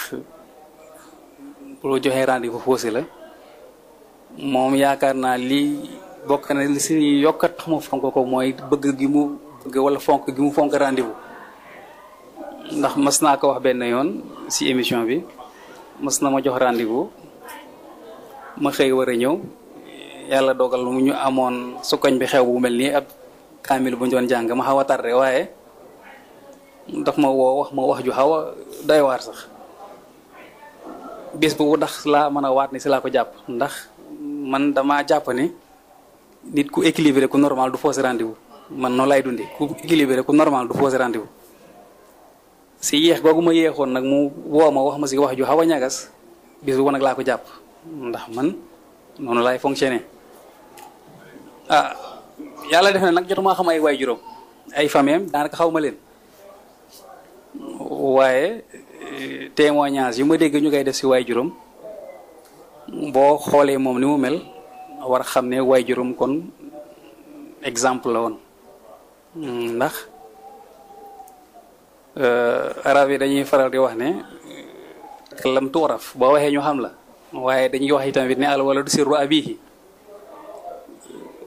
bu la joxee rendez-vous foosi la moom yaakaar naa lii bokk na li si yokkat xama fonk ko mooy bëgg gi mu wala fonk gi mu fonk rendez-vous ndax mas naa ko wax benn yoon si émission bi mas na ma jox rendez-vous ma xëy war a ñëw yàlla dogal mu ñu amoon su koñ bi xew bu mel nii ab kaamil bu ñoon jàng ma xaw a tarde waaye daf ma woo wax ma wax ju xaw a doy sax bis bu ndax laa mën a waat ni si laa ko jàpp ndax man dama jàpp ni nit ku équilibré ku normal du fausse rendez-vous man noonu lay dundee ku équilibré ku normal du posé rendez-vous si yéex googu ma yéexoon nag mu woo ma wax ma si wax ju xaw a ñagas bis bu nag laa ko jàpp ndax man noonu laay fonctionné ah yàlla def na nag jotuma xam ay waay juróom ay fameem daanaka xaw ma leen waaye eh, témoignage yu ma dégg ñu koy def si waay juróom boo xoolee moom ni mu mel war xam ne waay juróom kon exemple la woon Hmm, ndax euh, arab yi dañuy faral di wax ne lam tuuraf boo waxee ñu xam la waaye dañuy wax itamit ne al waladu sirru abihi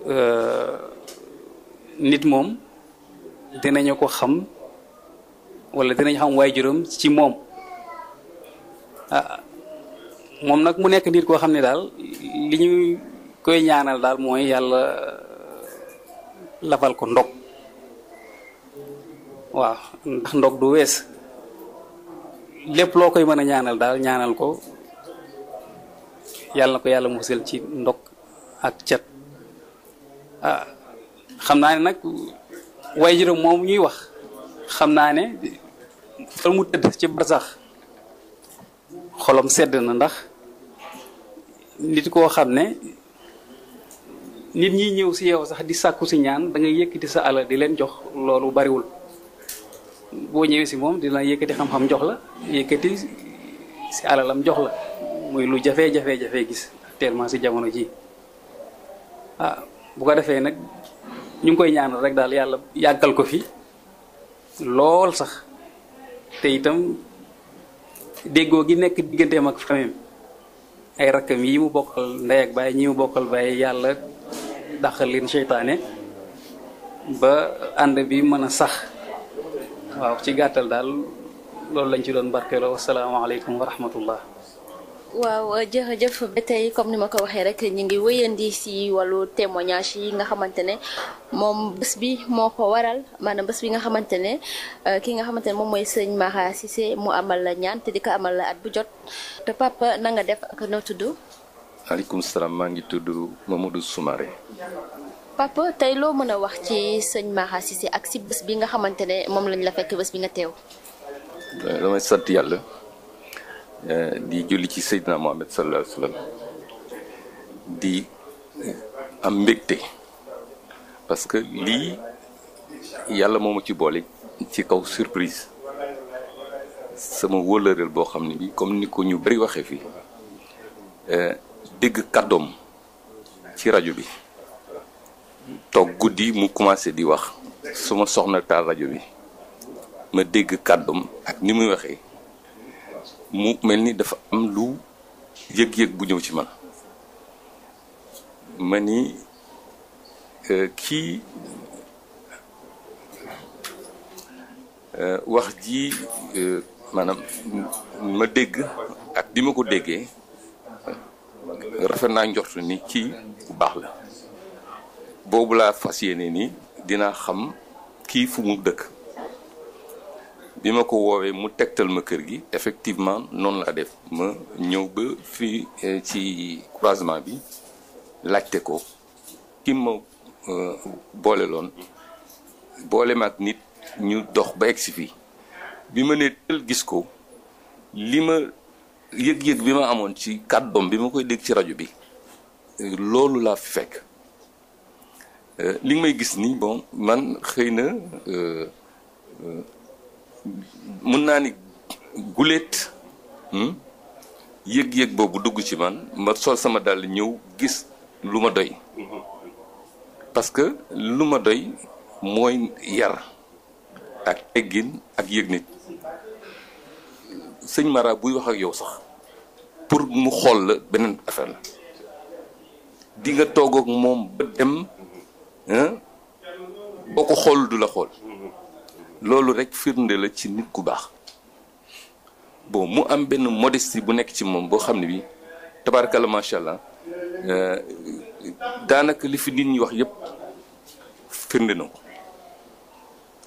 euh, nit moom dinañu ko xam wala dinañ xam juróom ci moom ah moom nag mu nekk nit koo xam ne daal li koy ñaanal daal mooy yàlla lafal ko ndok waaw ndax ndog du wees lépp loo koy mën a ñaanal daal ñaanal ko yàlla na ko yàlla musal ci ndog ak cet ah xam naa ne nag way wah, moom ñuy wax xam naa ne fa mu tëdd ci barsax xolam sedd na ndax nit koo xam ne nit ñi ñëw si yow sax di sàkku si ñaan da nga yëkkati sa ala di leen jox loolu bariwul boo ñëwee si moom dina yëkkati xam-xam jox la yëkkati si alalam jox la muy lu jafe-jafe-jafe gis tellement si jamono ji ah bu ko defee nag ñu ngi koy ñaanal rek daal yàlla yàggal ko fi lool sax te itam déggoo gi nekk digganteem ak famim ay rakkam yi mu bokkal ndey ak bàyyi ñi mu bokkal bàyyi yàlla daxal leen ba ànd bi mën sax waaw ci gàttal daal loolu lañ ci doon barkeeloo wasalaamaaleykum wa rahmatullah waaw jërëjëf ba tey comme ni ma ko waxee rek ñu ngi wéyandi si wàllu témoignage yi nga xamante ne moom bés bi moo ko waral maanaam bés bi nga xamante ne euh, ki nga xamante ne moom mooy sëñ Mara Cissé mu amal la ñaan te di ko amal la at bu jot te papa na nga def ak noo tudd. maaleykum salaam maa ngi tudd Mamadou Soumaré. Papa tey loo mën a wax ci sëñ Mara Cissé ak si bés bi nga xamante ne moom lañ la fekk bés bi nga teew. Euh, damay sant yàlla euh, di julli ci Seydina Mohamed sallallahu alayhi wa sallam di am mbégte parce que lii yàlla moo ma ci boole ci kaw surprise sama wóllëreel boo xam ne bi comme ni ko ñu bari waxee fii euh, dégg kàddoom ci rajo bi. toog guddi mu commencé di wax su ma soxna taal rajo bi ma dégg kàddum ak ni muy waxee mu mel ni dafa am lu yëg-yëg bu ñëw ci man ma ni euh, kii euh, wax ji euh, maanaam ma dégg ak di ma ko déggee rafet naa njort ni kii bu baax la boobu laa fas yéene ni dinaa xam kii fu mu dëkk bi ma ko woowee mu tegtal ma kër gi effectivement noonu laa def ma ñëw ba fii eh, ci croisement bi laajte ko ki ma eh, boole loon boole ma nit ñu dox ba egsi fii bi ma nee tël gis ko li ma yëg-yëg bi ma amoon ci kàddoom bi ma koy dégg ci rajo bi eh, loolu laa fi fekk Euh, li may gis ni bon man xëy na euh, euh, mën naa ni guléet hmm, yëg-yëg boobu dugg ci man ma sol sama dàll ñëw gis lu ma doy parce que lu ma doy mooy yar ak eggin ak yëg nit sëñ Mara buy wax ak yow sax pour mu xool la beneen affaire la di nga toog ak moom ba dem boo ko xool du la xool loolu rek firnde la ci nit ku baax bon mu am benn modestie bu nekk ci moom boo xam ne bi tabarkalla macha allah euh, daanaka li fi nit ñi wax yépp firnde na ko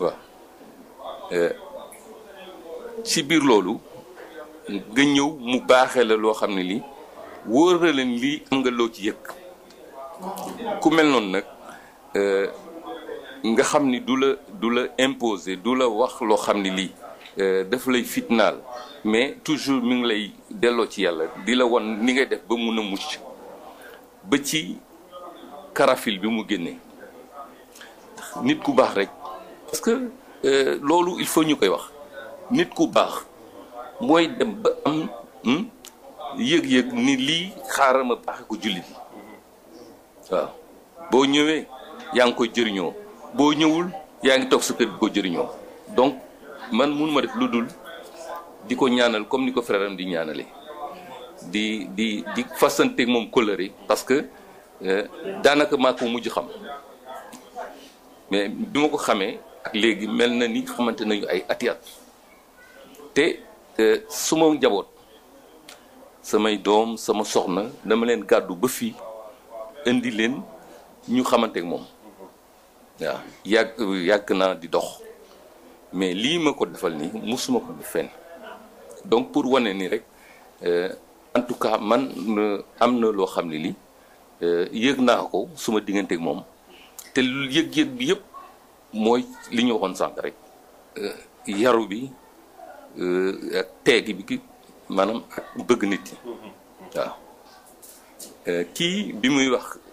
waaw euh, ci biir loolu nga ñëw mu baaxee la loo xam ne lii wóor na leen lii am nga loo ci yëg ku mel noonu nag. Euh, nga xam ni du la du la imposer du la wax loo xam ni lii euh, daf lay fitnaal mais toujours mu ngi lay delloo ci yàlla di la wan ni ngay def ba mun a mucc ba ci karafil bi mu génnee nit ku baax rek parce que euh, loolu il faut ñu koy wax nit ku baax mooy dem ba am hmm, yëg-yëg ni lii xaaral ma baaxe ko jullit yi waaw boo ñëwee yaa ngi koy jëriñoo boo ñëwul yaa ngi toog sa kër di ko jëriñoo donc man munuma def lu dul di ko ñaanal comme ni ko frère am di ñaanale di di di fasanteeg moom colère parce que euh, daanaka maa ko mujj xam mais bi ma ko xamee ak léegi mel na ni xamante nañu ay ati te suma njaboot samay doom sama soxna dama leen gàddu ba fii indi leen ñu xamante moom waa yàgg yàgg naa di dox mais lii ma ko defal nii musuma ko def donc pour wane ni rek euh, en tout cas man euh, am na loo xam ne lii euh, yëg naa ko suma digganteeg moom te lu yëg-yëg bi yëpp mooy li ñu waxoon sànq rek yaru bi ak teegi bi ki maanaam ak bëgg nit yi mm-hmm. waaw kii bi muy wax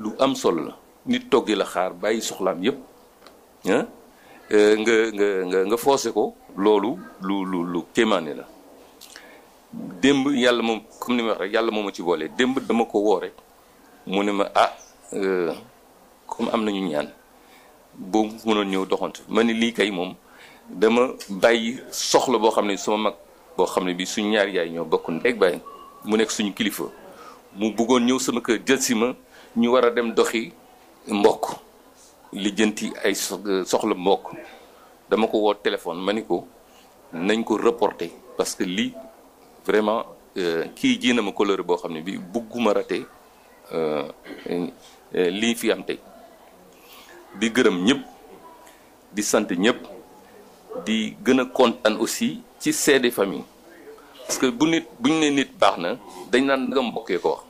lu am solo la nit toggi la xaar bàyyi soxlaam yëpp ah euh, nga nga nga ko loolu lu lu lu kéemaane la démb yàlla moom comme ni ma yàlla moom ma ci boole démb dama ko woore mu ne ma ah euh, comme am nañu ñaan boo mënoon ñëw doxant ma ne lii kay moom dama bàyyi soxla boo xam ne sama mag boo xam ne bi suñ ñaar yaay ñoo bokk ndeg bàyyi mu nekk suñu kilifa mu bëggoon ñëw sama kër jël si ma ñu war a dem doxi mbokk lijjanti ay soxla mbokk dama ko woo téléphone ma ni ko nañ ko reporter parce que lii vraiment euh, kii ji na ma couleur boo xam ne bi bugguma raté euh, euh, lii fi am tey di gërëm ñëpp di sant ñëpp di gën a kontaan aussi ci seede famille parce que bu nit buñ ñu ne nit baax na dañ naan nga mbokkee ko wax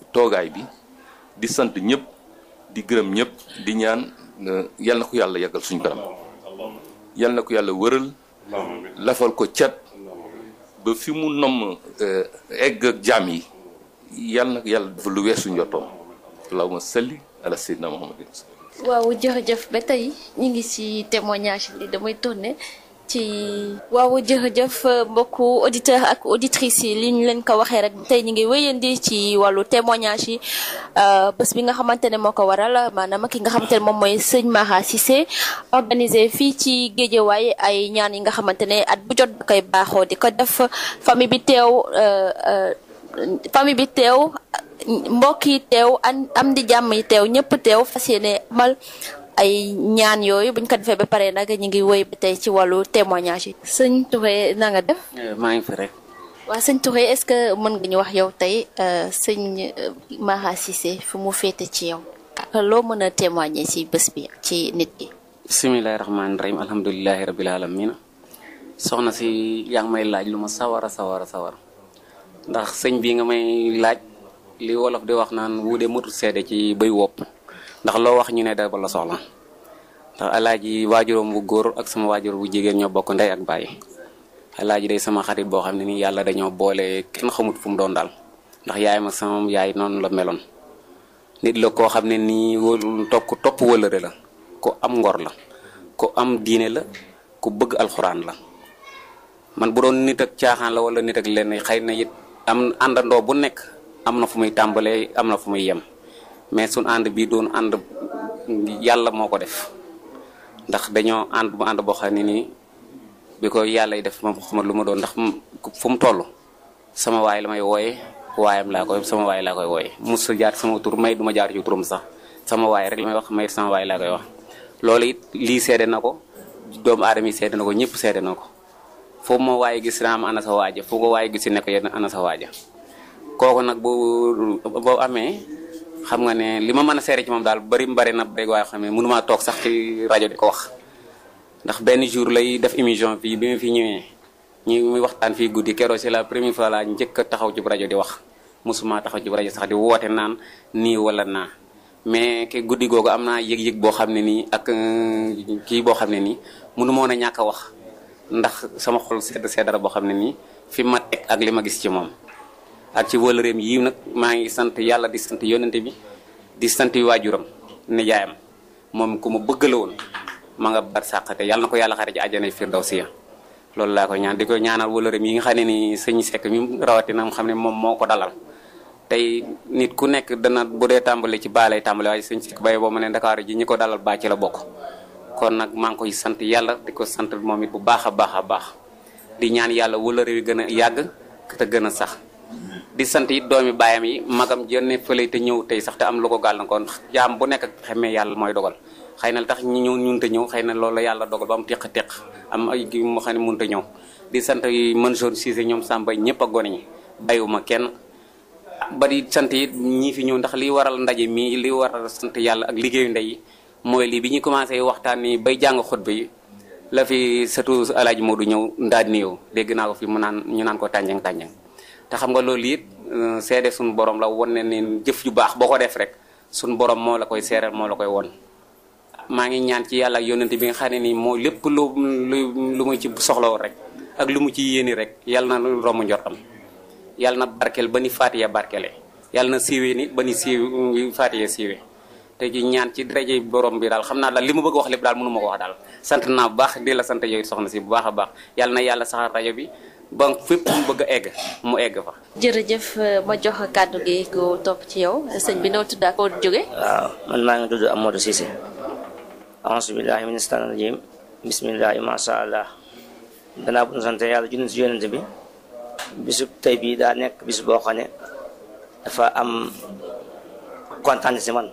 toogaay bi di sant ñëpp di gërëm ñëpp di ñaan euh, yal na ko yàlla yàggal suñu kanam yal na ko yàlla wëral lafal ko cat ba fi mu nomm euh, egg jaam yi yal na ko yàlla dafa lu weesu njottoom allahumma salli ala sayyidina muhammadin waaw jërëjëf ba tey ñu ngi ci témoignage damay tourné ci waaw jërëjëf mbokk auditeur ak auditrices yi li ñu leen ko waxee rek tey ñu ngi wéyandi ci wàllu témoignage yi euh, bés bi nga xamante ne moo ko waral maanaam ak ki nga xamante ne moom mooy sëñ Mara se organiser fii ci géejewaay ay ñaan yi nga xamante ne at bu jot koy baaxoo di ko def famille bi teew euh, euh, famille bi teew mbokk yi teew am di jàmm yi teew ñëpp teew fas yéene amal ay ñaan yooyu buñ ko defee ba pare nag ñu ngi wëy ba tey ci wàllu témoignage yi sëñ Touré na nga def maa ngi fi rek waa sëñ Touré est ce que mën nga ñu wax yow tey sëñ Maha Cissé fu mu féete ci yow loo mën a témoigner ci bés bi ci nit ki. bismillahi rahmaani rahim alhamdulillahi rabbil alamin soxna si yang ngi may laaj lu ma sawara sawara sawar ndax sëñ bi nga may laaj li wolof di wax naan wuude seede ci bay wopp ndax loo wax ñu ne da la soxla ndax alaaji waajuram bu góor ak sama waajur bu jigéen ñoo bokk ndey ak bàyyi alaaji day sama xarit boo xam ne ni yàlla dañoo boole kenn xamut fu mu doon dal ndax yaay ma sama yaay noonu la meloon nit la koo xam ne nii topp topp la ku am ngor la ku am diine la ku bëgg alxuraan la man bu doon nit ak caaxaan la wala nit ak lenn xëy na am àndandoo bu nekk am na fu muy tàmbalee am mais suñ ànd bii doon ànd yàlla moo ko def ndax dañoo ànd mu ànd boo xam ne nii bi ko yàllay def moom xamal lu ma doon ndax fu mu toll sama waay la may wooye waayam laa koy sama waay laa koy wooye mosu jaar sama tur may duma jaar ci turam sax sama waay rek may wax may sama waay laa koy wax loolu it lii seede na ko doomu aadama yi na ko ñëpp seede na ko foo moo waaye gis naa am ana sa waaja foo ko waaye gis ne ko yéen ana sa waaja kooku nag boo amee xam nga ne li ma mën a seere ci moom daal bari bari na bari waaye xam ne mënumaa toog sax ci rajo di wax ndax benn jour lay def émission fii bi ma fi ñëwee ñi muy waxtaan fii guddi keroo si la première fois laa njëkk a taxaw ci rajo di wax musuma taxaw ci rajo sax di woote naan nii wala naa mais ke guddi googu am naa yëg-yëg boo xam ak euh, kii boo xam ne nii mënu a ñàkk a wax ndax sama xol sedd seddara boo xam ne nii fi ma teg ak li ma gis ci moom ak ci wëlëreem yi nag maa ngi sant yàlla di sant yonente bi di sant waajuram ne yaayam moom ku ma bëgg woon ma nga bar sàqate yàlla na ko yàlla ci àjjana firdawsiya loolu laa ko ñaan di ko ñaanal wëlëreem yi nga xam ni sëñ sekk mi rawatina xam ne moom moo ko dalal tey nit ku nekk dana bu dee tàmbali ci baa lay tàmbali waaye sëñ sekk bay boo ma ne ndakaaru ji ñi ko dalal baa ci la bokk kon nag maa ngi koy sant yàlla di ko sant moom it bu baax a baax di ñaan yàlla wëlëre yi gën a yàgg te gën sax di sant it doomi baayam yi magam jënne fële te ñëw tey sax te am lu ko gàllankoon jaam bu nekk ak xemee yàlla mooy dogal xëy na li tax ñu ñëw ñun te ñëw xëy na loolu yàlla dogal ba am teq am ay gi moo ne mënut a ñëw di sant Mansour Cissé ñoom Samba ñëpp ak gone ñi bàyyiwuma kenn ba di sant ñii fi ñëw ndax li waral ndaje mii li waral sant yàlla ak liggéeyu ndey mooy lii bi ñu commencé waxtaan ni bay jàng xut bi la fi surtout El Hadj Modou ñëw ndaaj ni yow dégg naa ko fi mu naan ñu naan ko tànjang tànjang te xam nga loolu it euh, seede sun borom la won ne leen jëf ju baax boo def rek sun borom moo la koy seeral moo la koy won maa ngi ñaan ci yàlla ak yonante bi nga xam ne nii moo lépp lu lu mu ci rek ak lu mu ci yéeni rek yàlla na romb njortam yàlla na barkel ba ni faatiya barkele yàlla na siiwee ni ba ni siiw faatiya siiwee te ji ñaan ci borom bi daal xam naa daal li ma bëgg wax lépp daal mënu ma ko wax daal sant naa bu baax di la sant yow soxna si bu baax a baax yàlla na yàlla saxal rajo bi ba fépp mu bëgg a egg mu egg fa. jërëjëf euh, ma jox kàddu gi ko topp ci yow sëñ bi noo tudd ak jóge. waaw man maa ngi tudd Amadou Cissé. auzu billaahi mina shaytaani rajiim bismillaahi macha allah. danaa bu ñu yàlla junni si yonent bi. bisu tey bii daa nekk bis boo xam dafa am kontaan si man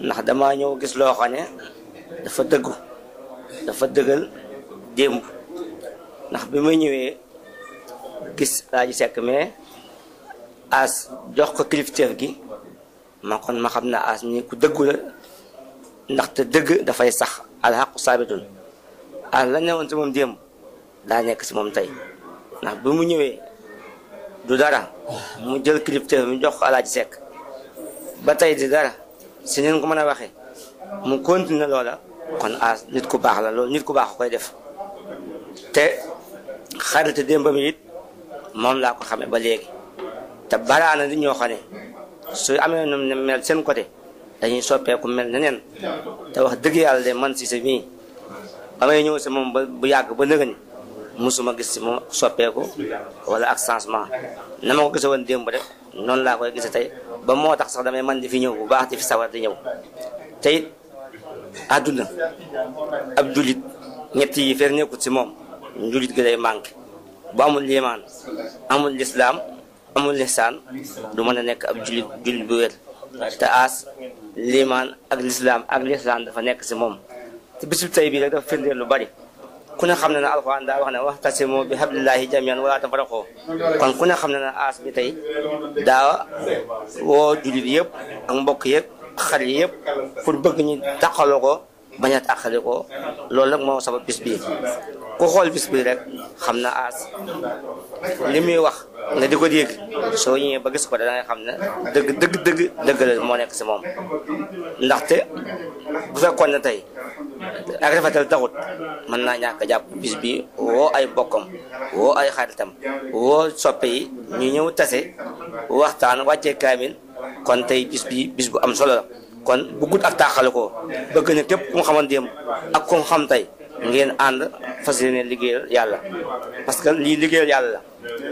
ndax damaa ñëw gis loo xam ne dafa dëggu dafa dëggal démb ndax bi ma ñëwee. gis laa sekk mais as jox ko kilifteef gi ma kon ma xam na as ni ku dëggu la ndaxte dëgg dafay sax alxaqu saabitun as la newoon si moom démb daa nekk si moom tey ndax bi mu ñëwee du dara mu jël kilifteef mu jox ko alaaji sekk ba tey di dara si neen ko mën a waxee mu continuer loola kon as nit ku baax la loolu nit ku baax koy def te xarit démbam it moom laa ko xamee ba léegi te baraana di ñoo xam ne su amee nu mel seen côté dañuy soppeeku mel neneen te wax dëgg yàlla de man si sa mii ba may ñëw si moom ba bu yàgg ba nëga ni musuma gis si moom soppeeku wala ak changement na ma ko gise woon démb rek noonu laa ko gise tey ba moo tax sax damay man di fi ñëw bu baax di fi sawar di ñëw te it àdduna ab julit ñett yi fer nekkut si moom njullit gi day manqué bu amul liimaan amul lislaam amul lihsaan du mën nekk ab jullit jullit bu wér te aas liimaan ak lislaam ak lihsaan dafa nekk si moom te bisub tey bii rek dafa firndeel lu bari ku ne xam ne na alxuraan daa wax ne waxtasimu bi hablillahi jamian wala tafaraqoo kon ku ne xam ne ne aas bi tey daa woo jullit yëpp ak mbokk yëpp xarit yëpp pour ñu taqaloo ko bañ a tàqali ko loolu nag moo sabab bis bi ku xool bis bii rek xam na aas li muy wax nga di ko dégg soo ñëwee ba gis ko dangay xam ne dëgg dëgg dëgg dëgg la moo nekk si moom ndaxte bu fekkoon ne tey ak rafetal taxut mën naa ñàkk jàpp bis bi woo ay bokkam woo ay xaritam woo soppe yi ñu ñëw tase waxtaan wàcce kaamil kon tey bis bi bis bu am solo kon bu gudd ak taaxale ko bëgg na képp ku mu xaman ak ku xam tey ngeen ànd fas yéene liggéeyal yàlla parce que lii liggéeyal yàlla la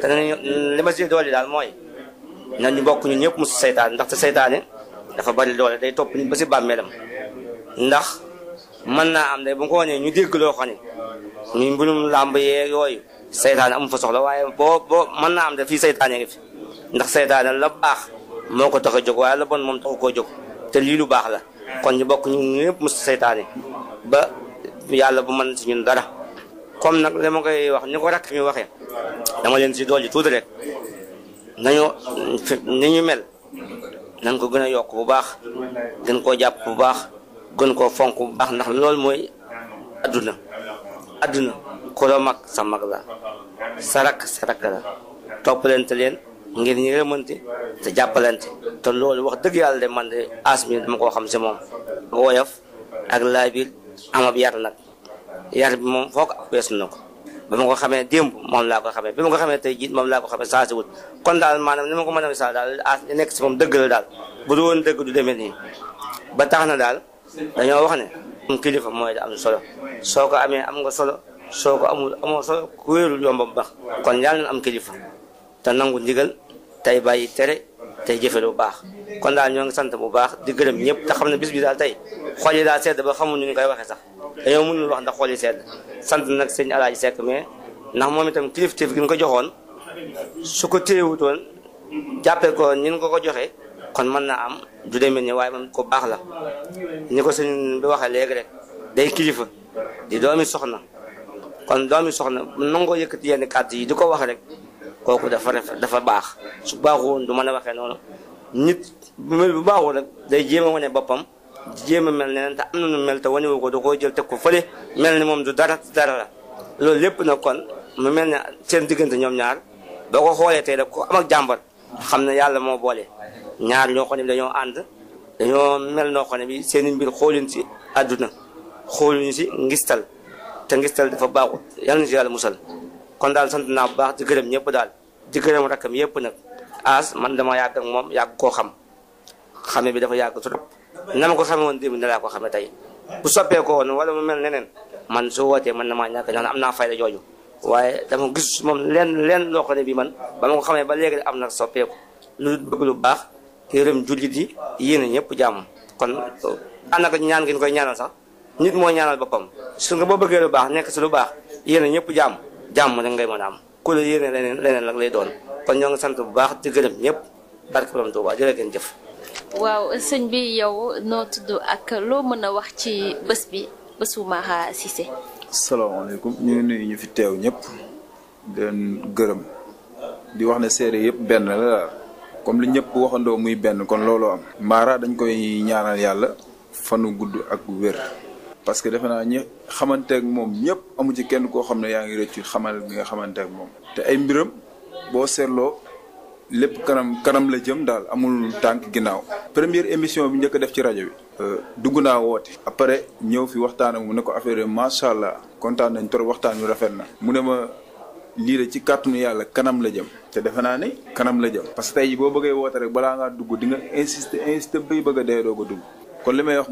te nañu li ma si doole daal mooy nañu bokk ñun ñëpp musu seytaane ndaxte seytaane dafa bari doole day topp basi ba si bàmmeelam ndax mën naa am day bu ko ñu dégg loo xam ne ñu làmb yee yooyu seytaane amu fa soxla waaye boo boo mën naa am de fii seytaane ngi fi ndax seytaane la baax moo ko tax a jóg waaye la bon moom taxu koo jog te lii lu baax la kon ñu bokk ñu ñëpp mos seytaane ba yàlla bu mën si ñun dara comme nag li ma koy wax ni ko rakk mi waxee dama leen si dolli tuuti rek nañu ni ñu mel nañ ko gën a yokk bu baax gën koo jàpp bu baax gën koo fonk bu baax ndax loolu mooy adduna adduna ku la mag sa mag la sa rakk sa rakk la topp leen te leen ngir ñu remonté te jàppalante te loolu wax dëgg yàlla de man de as mi dama koo xam si moom woyof ak laabil amab yar nag yar bi moom foo ko weesu na ko ba ma ko xamee démb moom laa ko xamee bi ko xamee tey jii moom laa ko xamee saa si wut kon daal maanaam ni ma ko mën a misaal daal as li nekk si moom la daal bu du woon dëgg du demee nii ba tax na daal dañoo wax ne am kilifa mooy da am solo soo ko amee am nga solo soo ko amul amoo solo ku wéerul yombam baax kon yàlla na am kilifa te nangu ndigal tey bàyyi tere tey jëfe lu baax kon daa ñoo ngi sant bu baax di gërëm ñëpp te xam ne bis bi daal tey xool yi daal sedd ba xamuñu ñu koy waxee sax dañoo mënul wax ndax xool yi sant nag sëñ Alaaji Seck mais ndax moom itam kilifteef gi mu ko joxoon su ko téyewutoon jàppee ko ñin ko ko joxee kon mën naa am du demee ni waaye man ko baax la ni ko sëñ bi waxee léegi rek day kilifa di doomi soxna kon doomi soxna nangoo yëkkati yenn kàddu yi di ko wax rek kooku dafa ref dafa baax su baaxul du mën a waxee noonu nit bu baaxul rek day jéem a wane boppam jéem a mel neneen te am na mel te wane wu ko da ko jël te ko fële mel ni moom du dara dara la loolu lépp nag kon mu mel ne seen diggante ñoom ñaar boo ko xoolee tey rek ko am ak jàmbar xam ne yàlla moo boole ñaar ñoo xam ne dañoo ànd dañoo mel noo xam ne bi seen mbir xooluñ si àdduna xooluñ si ngistal te ngistal dafa baaxut yàlla na si yàlla musal kon daal sant naa bu baax di gërëm ñëpp daal di gërëm rakkam yëpp nag as man dama yàgg ak moom yàgg koo xam xame bi dafa yàgg trop na ma ko xame woon démb ne laa ko xame tey bu soppee ko wala mu mel neneen man su wootee man na maa ñàkk am naa fayda jooju waaye dama gis moom lenn lenn loo xam ne bi man ba ma ko xamee ba léegi am na soppeeku lu bëgg lu baax yërëm jullit yi yéen ñëpp jàmm kon ànd ñaan ngeen koy ñaanal sax nit moo ñaanal boppam su nga boo bëggee lu baax nekk si lu baax yéen ñëpp jàmm jamm rek ngay mën a am ku la yéene leneen leneen nag lay doon kon ñoo ngi sant bu baax di gërëm ñëpp barke borom Tuuba jërë gën jëf waaw sëñ bi yow noo tudd ak loo mën a wax ci bés bi bésu Mara Cissé salaamaaleykum ñu ngi nuyu ñu fi teew ñëpp leen gërëm di wax ne séeré yëpp benn la daal comme li ñëpp waxandoo muy benn kon looloo am Mara dañ koy ñaanal yàlla fanu gudd ak wér parce que defe naa ñi xamante moom ñëpp amu ci kenn koo xam ne yaa ngi rëccu xamal bi nga xamante moom. te ay mbiram boo seetloo lépp kanam kanam la jëm daal amul tànk ginnaaw. première émission bi njëkk def ci rajo bi. Euh, dugg naa woote. après ñëw fi waxtaan ak mu ne ko affaire yi macha allah kontaan nañ trop waxtaan wi rafet na. mu ne ma lii de ci kàttanu yàlla kanam la jëm. te defe naa ne kanam la jëm. parce que tey boo bëggee woote rek balaa ngaa dugg di nga insister insister bay a dee ko dugg kon li may wax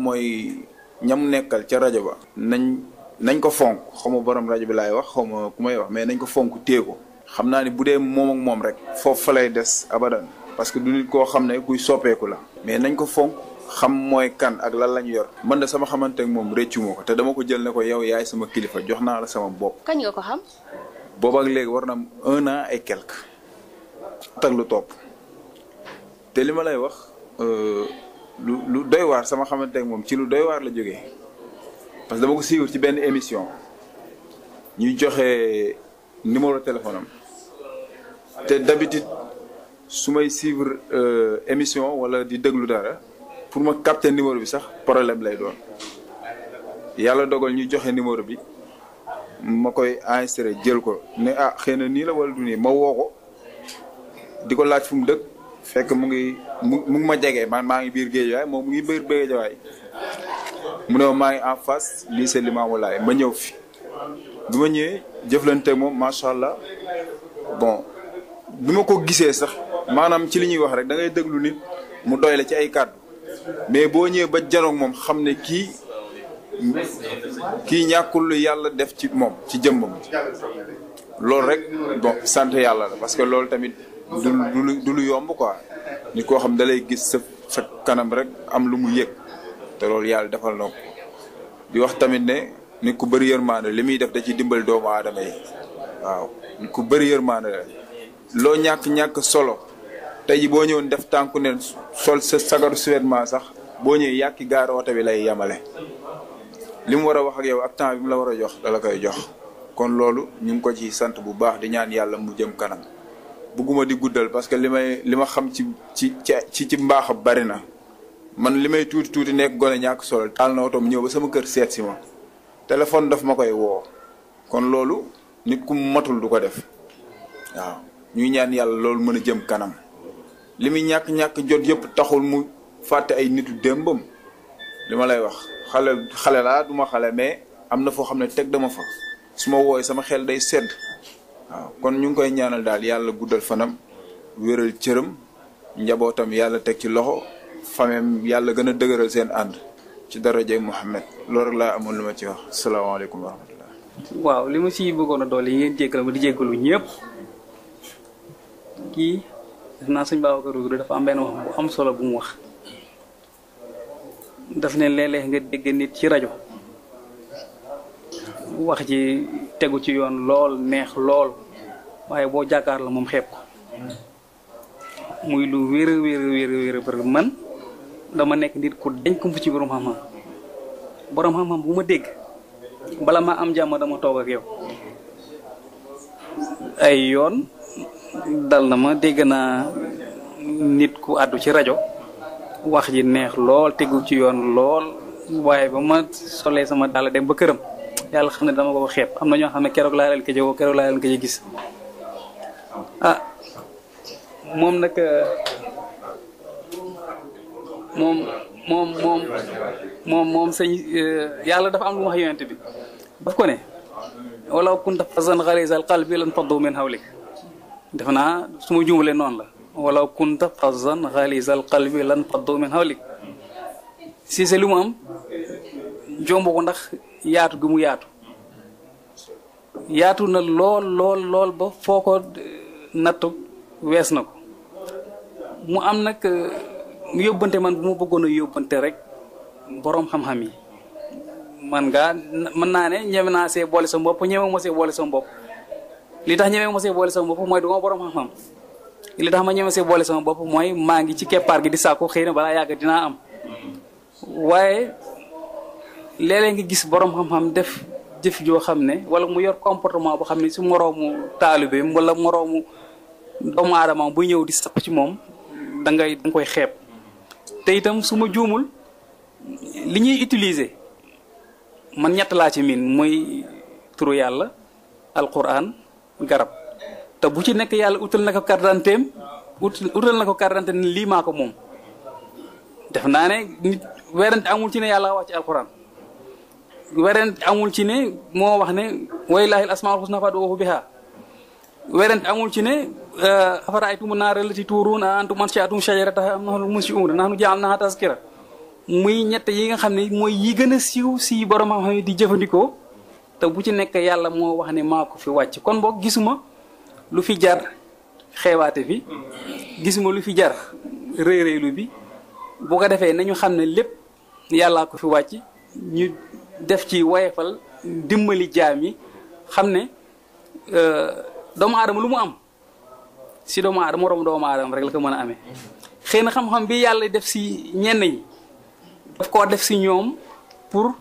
ñam nekkal ca rajo ba nañ nañ ko fonk xawma borom rajo bi laay wax xawma ku wax mais nañ ko fonk téye ko ni bu dee moom ak moom rek foofu lay des abadan parce que du nit koo xam ne kuy soppeeku la mais nañ ko fonk xam kan ak lan lañ yor man sama xamante ak moom réccu moo ko dama ko jël ne ko yow yaay sama kilifa jox naa la sama bopp kañ nga ko xam boobu ak léegi an et quelque tak lu lay wax euh, lu lu doy waar sama xamante ak moom ci lu doy waar la jógee parce que dama ko suivre ci benn émission ñuy joxe numéro téléphone am te d'habitude su may suivre euh, émission wala di déglu dara pour ma capter numéro bi sax problème lay doon yàlla dogal ñu joxe numéro bi ma koy enregistré jël ko ne ah xëy na nii la wala du nii ma woo ko di ko laaj fu mu dëkk fekk mu ngi mu mu ngi ma jege man maa ngi biir géejawaay moom mu ngi biir géejawaay mu ne maa ngi en face lycée Limamou wallaay ma ñëw fi bi ma ñëwee jëflante moom macha allah bon bi ma ko gisee sax maanaam ci li ñuy wax rek dangay ngay déglu nit mu doy la ci ay kàddu mais boo ñëwee ba janoog moom xam ne kii kii ñàkkul lu yàlla def ci moom ci jëmbam loolu rek bon sant yàlla la parce que loolu tamit. du du lu yomb quoi nit koo xam da lay gis sa kanam rek am lu mu yëg te loolu yàlla defal na ko di wax tamit ne nit ku bëri yërmaande li muy def da ci dimbali doomu aadama waaw ku bëri yërmaande loo ñàkk-ñàkk solo tey ji boo ñëwoon def tànku ne sol sa sagaru survêtement sax boo ñëwee yàqi gaar oto bi lay yemale li mu war a wax yow ak temps bi mu la war a jox dala koy jox kon loolu ñu ngi ko ci sant bu baax di ñaan yàlla mu jëm kanam bugguma di guddal parce que li may li ma xam ci ci ci ci mbaaxam bari na man li may tuuti tuuti nekk gone ñàkk solo taal na otoom ñëw ba sama kër seet si ma téléphone daf ma koy woo kon loolu nit ku matul du ko def waaw ñuy ñaan yàlla loolu mën a jëm kanam li muy ñàkk ñàkk jot yëpp taxul mu fàtte ay nitu démbam li ma lay wax xale xale laa duma xale mais am na foo xam ne teg dama fa su ma wooyee sama xel day sedd waaw kon ñu ngi koy ñaanal daal yàlla guddal fanam wéral cëram njabootam yàlla teg ci loxo famem yàlla gën a dëgëral seen ànd ci daraje Mouhamed loolu rek laa amoon lu ma ci wax salaamaaleykum wa waaw li ma si bëggoon a doole yi ngeen jéggal ma di jéggalu ñëpp kii def naa sëñ Babacar Rougui dafa am benn wax bu am solo bu mu wax daf ne léeg nga dégg nit ci rajo wax ji tegu ci yoon lool meex lool waaye boo jàkkaar la moom xeeb ko muy lu wéer a wéer a wéer a wéer man dama nekk nit ku dañ ko ci borom xam-xam borom xam-xam bu ma dégg bala ma am jàmm dama toog ak ay yoon dal na ma dégg naa nit ku àddu ci rajo wax ji neex lool tegu ci yoon lool waaye ba ma solee sama dàll dem ba këram yàlla xam ne dama ko xeeb am na ñoo xam ne keroog laa leen ko jëw keroog laa leen ko gis. moom nag euh, moom moom moom moom moom sëñ euh, yàlla dafa am lu wax yonent bi daf ko ne walaw kunta fazzan ghalizal qalbi lan faddu min hawlik def naa su ma noonu la walaw kunta fazzan ghalizal qalbi lan faddu min hawlik si c'est lu ndax yaatu gi mu yaatu yaatu na lool lool lool ba foo ko euh, nattu wees na ko mu am nag euh, yobante man bu mu bëggono yobante rek borom xam-xam yi man nga man na ne ñëw na sé bolé sa mbop ñëw ma sé bolé sa mbop li tax ñëw ma sé bolé sa mbop moy du borom xam-xam li tax ma ñeme sé bolé sa mbop moy ma ngi ci képar gi di sàkku xëy na balaa am waye lélé nga gis borom xam-xam def jëf jo xamné wala mu yor comportement bo xamné ne su moroomu talibé wala moroomu doom aadama bu ñëw di sap ci mom da ngay da nga koy xeeb te itam suma ma juumul li ñuy utiliser man ñett laa ci miin mooy turu yàlla alquran garab te bu ci nekk yàlla utal na ko carte d'identité am utal na ko carte d'identité ne lii maa ko moom def naa ne nit werante amul ci ne yàlla wax ci alquran werante amul ci ne moo wax ne waylaahi amul ci ne Eh, afara'aytumu naara allati tuuruuna antum anshatum shajarataha am nahnu munsi'uuna nahnu ja'alnaha tazkira muy ñett yi nga xam ne mooy yi gën a siiw si borom xam yi di jëfandikoo te bu ci nekk yàlla moo wax ne maa ko fi wàcc kon boog lu fi jar xeewaate bi gisuma lu fi jar réy bi bu ko defee nañu xam ne lépp yàllaa ko fi wàcc ñu def ci wayefal dimbali jaam yi xam ne eh, doomu aadama lu mu am si doomu aadama morom doomu aadama rek la ko mën a amee xëy na xam-xam bi yàlla def si ñenn ñi daf koo def si ñoom pour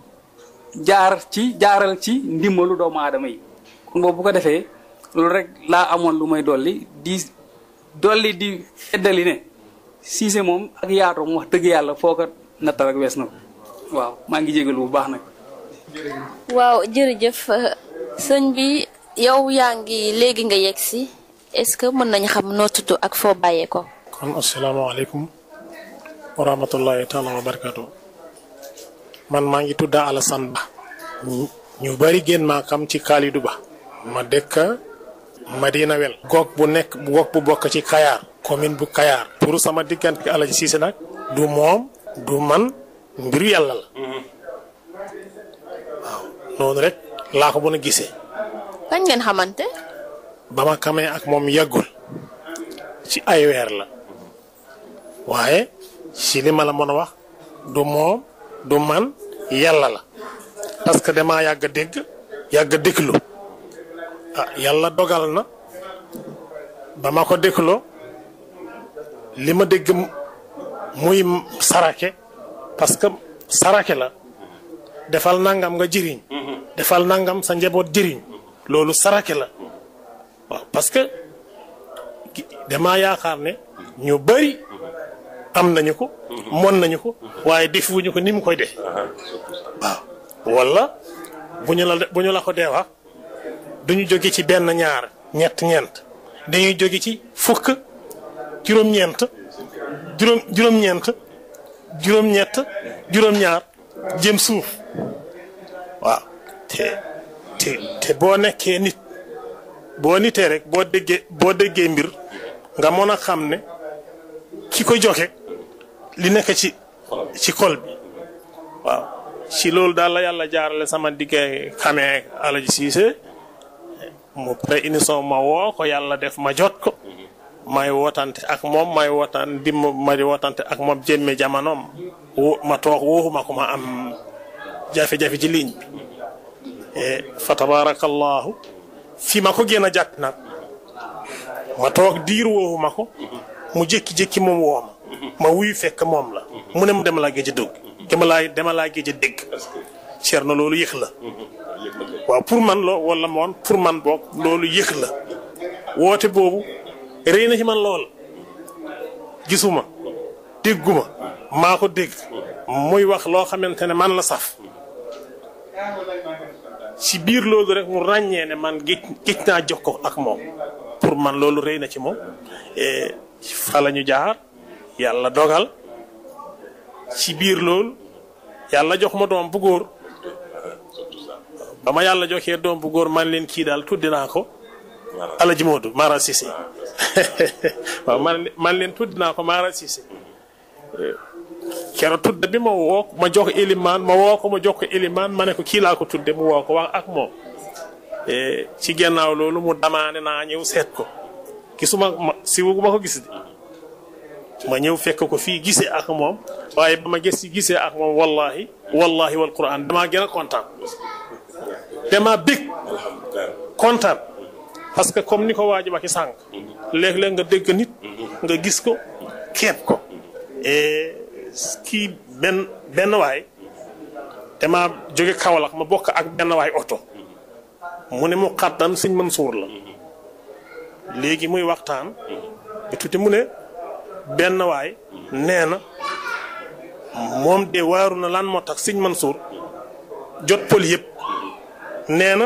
jaar ci jaaral ci ndimbalu doomu aadama yi kon boobu bu ko defee loolu rek laa amoon lu may dolli di dolli di feddali ne siise moom ak yaatoom wax dëgg yàlla foo ko nattal ak wees na ko waaw maa ngi jégalu bu baax nag waaw jërëjëf sëñ bi yow yaa ngi nga yegg si est-ce que mën nañ xam noo tudd ak foo bàyyee ko kon asalaamaaleykum wa rahmatullahi taala wa barakatu man maa ngi tudda alasan ba ñu bari gën maa xam ci kaalidu ba ma dëkk madina wel gog bu nekk goog bu bokk ci kayaar commune bu kayaar pour sama diggante alaji siise nag du moom du man mbiru yàlla la waaw noonu rek laa ko mën a gisee kañ ngeen xamante ba ma ak moom yàggul ci ay weer la waaye ci li ma la mën a wax du moom du man yàlla la parce que damaa yàgg a dégg yàgg a déglu ah, yàlla dogal na ba ma ko dégloo li ma dégg muy sarake parce que sarake la defal nangam nga jëriñ mm-hmm. defal nangam sa njaboot jëriñ loolu sarake la waaw parce que damaa yaakaar ne ñu bëri am nañu ko. mën nañu ko waaye defuñu ko ni mu koy def waaw wala bu ñu la bu ñu la ko dee wax duñu jóge ci benn ñaar ñett ñeent dañuy joge ci fukk juróom-ñeent juróom juróom-ñeent juróom-ñett juróom-ñaar jëm suuf waaw te te te boo nekkee nit. boo nitee rek boo déggee boo déggee mbir nga mën a xam ne ki ko joxe li nekk ci ci xol ci loolu daal la yàlla jaarale sama diggee xamee Alaji Siise mu pré émission ma woo ko yàlla def ma jot ko may wootante ak moom may wootaan di ma ak moom jëmme jamonoom wo ma toog wooxuma ko ma am jafe-jafe ci ligne bi eh, fa tabarakallahu fi ma ko génn jàkk nag ma toog diir woowu ko mu jékki-jékki moom woo ma ma fekk moom la mu ne ma dama géej a dugg dama laa dama laa na loolu yëx la waaw pour man loo wala moon pour man boog loolu yëx la woote boobu rëy na ci man lool gisuma dégguma maa ko dégg muy wax loo xamante ne man la saf ci biir loolu rek mu ràññee ne man géej géej naa jox ko ak moom pour man loolu rëy na ci moom et fa la ñu jaar yàlla dogal ci biir lool yàlla jox ma doom bu góor ba ma yàlla joxee doom bu góor man leen kii daal tuddi naa ko Alaji Modou Mara Cissé <laughs> waaw man man leen tuddi naa ko Mara Cissé kero tudde bi ma woo ma jox ilimaan ma woo ko ma jox ko ilimaan ma ne ko kii laa ko tudde mu woo ko wax ak moom e, ci gennaaw loolu mu damaane naa ñëw seet ko gisuma ma siwu ma ko gis de ma ñëw fekk ko fii gisee ak moom waaye ba ma gis gisee ak moom wallahi wallahi wal quran damaa gën a kontaan damaa bég kontaan parce que comme ni ko waa ji waxi sànq léeg-léeg nga dégg nit nga gis ko keeb ko e, kii benn benn waay damaa jóge Kaolack ma bokk ak benn waay oto mu ne mu xàttan sëñ Mansour la léegi muy waxtaan bi mu ne benn waay nee na moom de waaru na lan moo tax sëñ Mansour jot pël yépp nee na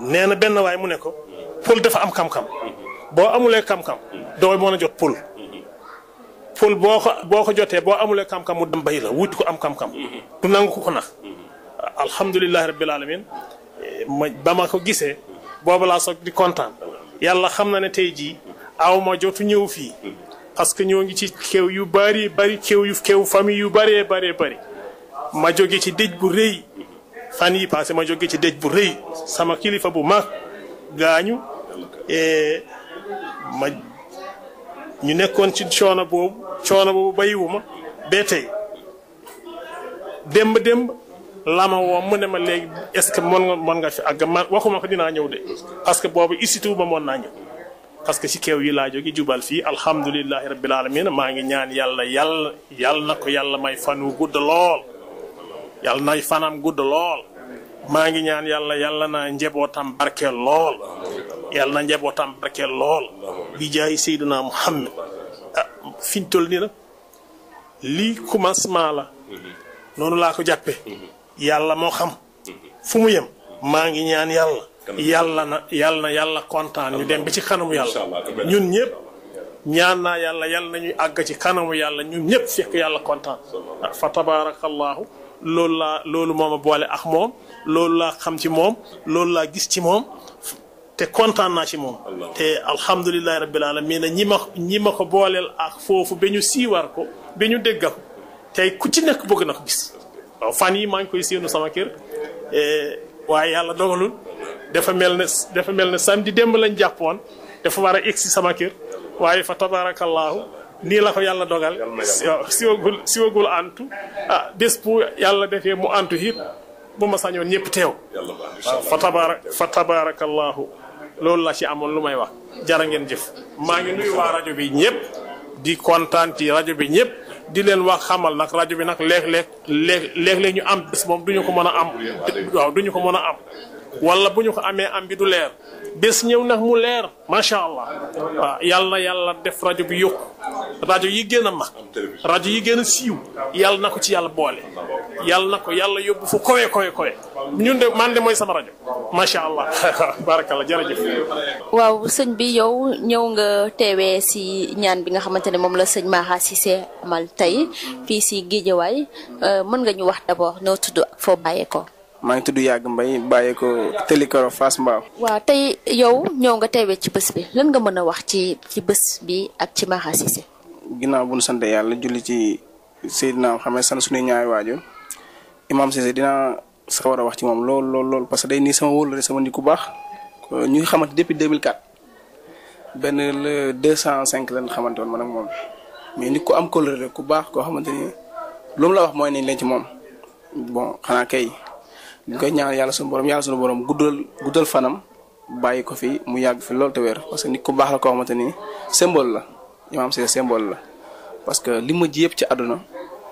nee na benn waay mu ne ko pël dafa am kam-kam boo amulee kam-kam doo mën a jot pël ful boo ko boo ko jotee boo amulee kam-kam mu dem bay la wut ko am kam-kam. du nangu ko ko nax. alhamdulilah alamin ma ba ma ko gisee. boobu laa soog di kontaan. yàlla xam na ne tey jii aw ma jotu ñëw fii. parce que ñoo ngi ci xew yu bari bari xew yu xew famille yu bëree bëree bëri ma jóge ci dëj bu rëy fan yi passé ma jóge ci dëj bu rëy sama kilifa bu mag gaañu eh, ma. ñu nekkoon ci coono boobu coono boobu bayiwuma bee tey démb démb lama woo mu ne ma léegi est-ce que mën nga mën nga fi àgg man waxuma ko dinaa ñëw de parce que boobu isitu ma mën naa ñëw parce que ci keew yi laa jóge jubal fii alhamdulilahi rabbil alamin maa ngi ñaan yàlla yàlla yàlla na ko yàlla may fan wu gudd lool yàlla nay fanam gudd lool maa ngi ñaan yàlla yàlla na njabootam barke lool yàlla na njabootam barke lool bi jaay Seydina ah, lii commencement la noonu laa ko jàppe yàlla moo xam fu mu yem maa ngi ñaan yàlla yàlla na yàlla na yàlla kontaan ñu dem bi ci kanamu yàlla ñun ñëpp ñaan naa yàlla yàlla nañuy àgg ci kanamu yàlla ñun ñëpp fekk yàlla kontaan ah, fa tabaarakallaahu loolu laa loolu mooma boole ak moom loolu laa xam ci moom loolu laa gis ci moom te kontaan naa ci moom. te alhamdulilah rabbil aalamiina ñi ma ñi ma ko booleel ak foofu ba ñu siiwaar ko ba ñu déggal tey ku ci nekk bëgg na ko gis waaw fan yi maa ngi koy séenu sama kër e, waaye yàlla dogalul dafa mel ne dafa mel ne samedi démb lañ jàppoon dafa war a egg egsi sama kër waaye fa tabaarakallaahu nii la ko yàlla dogal. siwagul siwagul antu ah bés yàlla defee mu antu it. bu ma sañoon ñëpp teew fa tabaara fa tabaarakallaahu loolu la ci amoon lu may wax jara ngeen jëf maa ngi nuyu waa rajo bi ñëpp di kontaan ci rajo bi ñëpp di leen wax xamal nag rajo bi nag léeg-léeg léeg léeg ñu am bés moom duñu ko mën a am waaw ñu ko mën a am wala buñu ko amé am bi du leer bes ñew nak mu leer sha allah wa ah, yalla, yalla def rajo bi yok rajo yi gëna ma radio yi gëna siiw yalla nako ci yalla boole yalla nako yalla yobbu fu koy koy koy ñun de man de moy sama ma sha allah <laughs> Barakallah jërëjëf waaw señ bi yow ñew nga teewee ci ñaan bi nga xamante ne la sëñ Maha Cissé amal fi ci euh mën nga ñu wax d'abord no tuddu fo bayé ko maa ngi tudd yàgg ya mbay bàyyi ko télékoro fas mbaaw. waaw tey yow ñëw nga teewee ci bés bi lan nga mën a wax ci ci bés bi ak ci Mara Cissé. ginnaaw bu nu sante yàlla julli ci Seydina Mohamed sant suñu ñaay waajur Imam Cissé dinaa sawar a wax ci moom lool lool lool parce que day nii sama wóor sama nit ku baax ñu ngi xamante depuis 2004 benn le 205 lañ xamante woon man ak moom mais nit ku am couleur ku baax koo xamante ni lu la wax mooy nañ leen ci moom bon xanaa kay ñu koy ñaan yàlla suñu borom yàlla suñu borom guddal guddal fanam bàyyi ko fi mu yàgg fi loolu te wér parce que nit ku baax la koo xamante ni symbole la imam c'est symbole la parce que li ma ji yëpp ci àdduna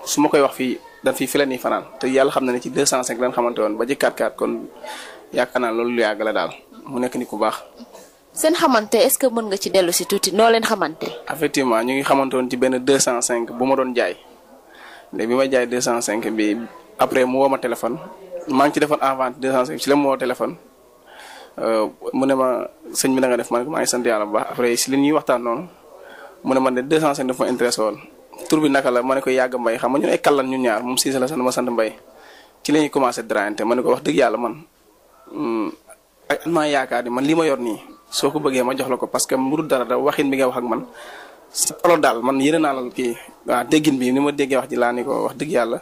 su ma koy wax fii dañ fi fi fanaan te yàlla xam na ne ci 205 lañ xamante woon ba ci 44 kon yaakaar naa loolu yàgg la daal mu nekk nit ku baax seen xamante est ce que mën nga ci dellu si tuuti noo leen xamante effectivement ñu ngi xamante woon ci benn 205 bu ma doon jaay léegi bi ma jaay 205 bi après mu woo ma téléphone maa ngi ci defoon avant 250 ci la moo téléphone euh, mu ne ma sëñ bi na nga def man ko maa ngi sant yàlla bu baax après si li ñuy waxtaan noonu mu ne man de 250 dafa ma intéressé woon tur bi naka la ma ne ko yàgg mbay xam nga ñu ay kallan ñun ñaar moom siisa la sant ma sant mbay ci la ñuy commencé draante ma ne ko wax dëgg yàlla man mm, ak maa yaakaar ni man li ma yor nii soo ko bëggee ma jox la ko parce que mburu dara da waxin bi nga wax ak man sa tolo daal man yëre naa la kii waa déggin bi ni ma déggee wax ji laa ni ko wax dëgg yàlla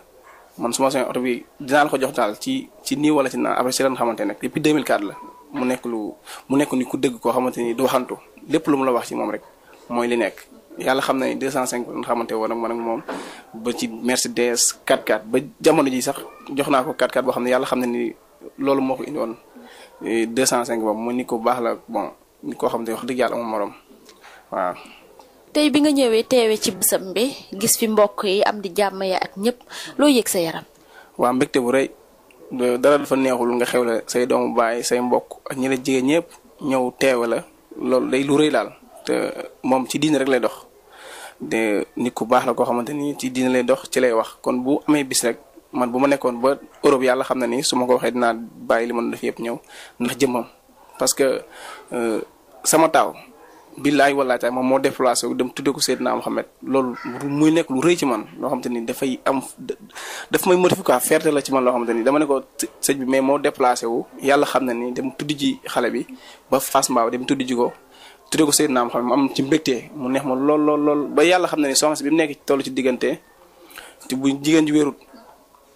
man su ma seen oto bi dinaa la ko jox daal ci ci nii wala ci naa après si ren xamante ne depuis 2004 la mu nekk lu mu nekk ni ku dëgg koo xamante ni du waxantu lépp lu mu la wax ci moom rek mooy li nekk. yàlla xam na ne 205 la xamante woon ak man ak moom ba ci Mercedes 4 x ba jamono ji sax jox naa ko 4 boo xam ne yàlla xam na ni loolu moo ko indi cent cinq boobu mu ni ko baax la bon ni koo xam ne wax dëgg yàlla amul morom waaw. tey bi nga ñëwee teewee ci bésam bi gis fi mbokk yi am di jàmm ya ak ñëpp loo yëg sa yaram. waa mbégte bu rëy dara dafa neexul nga xewle say doomu baay say mbokk ak ñi la jege ñëpp ñëw teewe la loolu day lu rëy daal te moom ci diina rek lay dox. de nit ku baax la koo xamante ni ci diine lay dox ci lay wax kon bu amee bis rek man bu ma nekkoon ba Europe yàlla xam na ni su ma ko waxee dinaa bàyyi li man def yëpp ñëw ndax jëmmam parce que euh, sama taaw. billaay wallaay taay moom moo déplacé wu dem tuddee ko Seydina Mohamed lool muy nekk lu rëy ci man loo xam te ni dafay am daf may mortifié fierté la ci man loo xam te ni dama ne ko sëñ bi mais moo déplacé wu yàlla xam na ni dem tuddi ji xale bi ba Fass Mbao dem tuddi ji ko tuddee ko Seydina Mohamed mu am ci mbégte mu neex ma lool lool lool ba yàlla xam na bi mu nekk toll ci diggante te bu jigéen ji wérut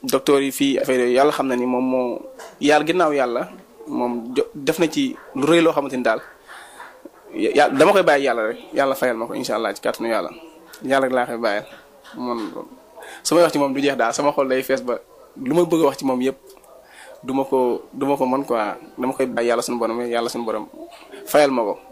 docteur yi fii affaire yàlla xam na ni moom moo yàlla ginnaaw yàlla moom def na ci lu rëy loo xamante ni daal yà dama koy bàyyi yàlla rek yàlla fayal ma ko incha allah ci kàttanu yàlla yàlla rek laa koy bàyyal man su may wax ci moom du jeex daal sama xol day fees ba lu ma bëgg a wax ci moom yëpp duma ma ko du ma ko mën quoi dama koy bàyyi yàlla suñu borom yàlla suñu borom fayal ma ko.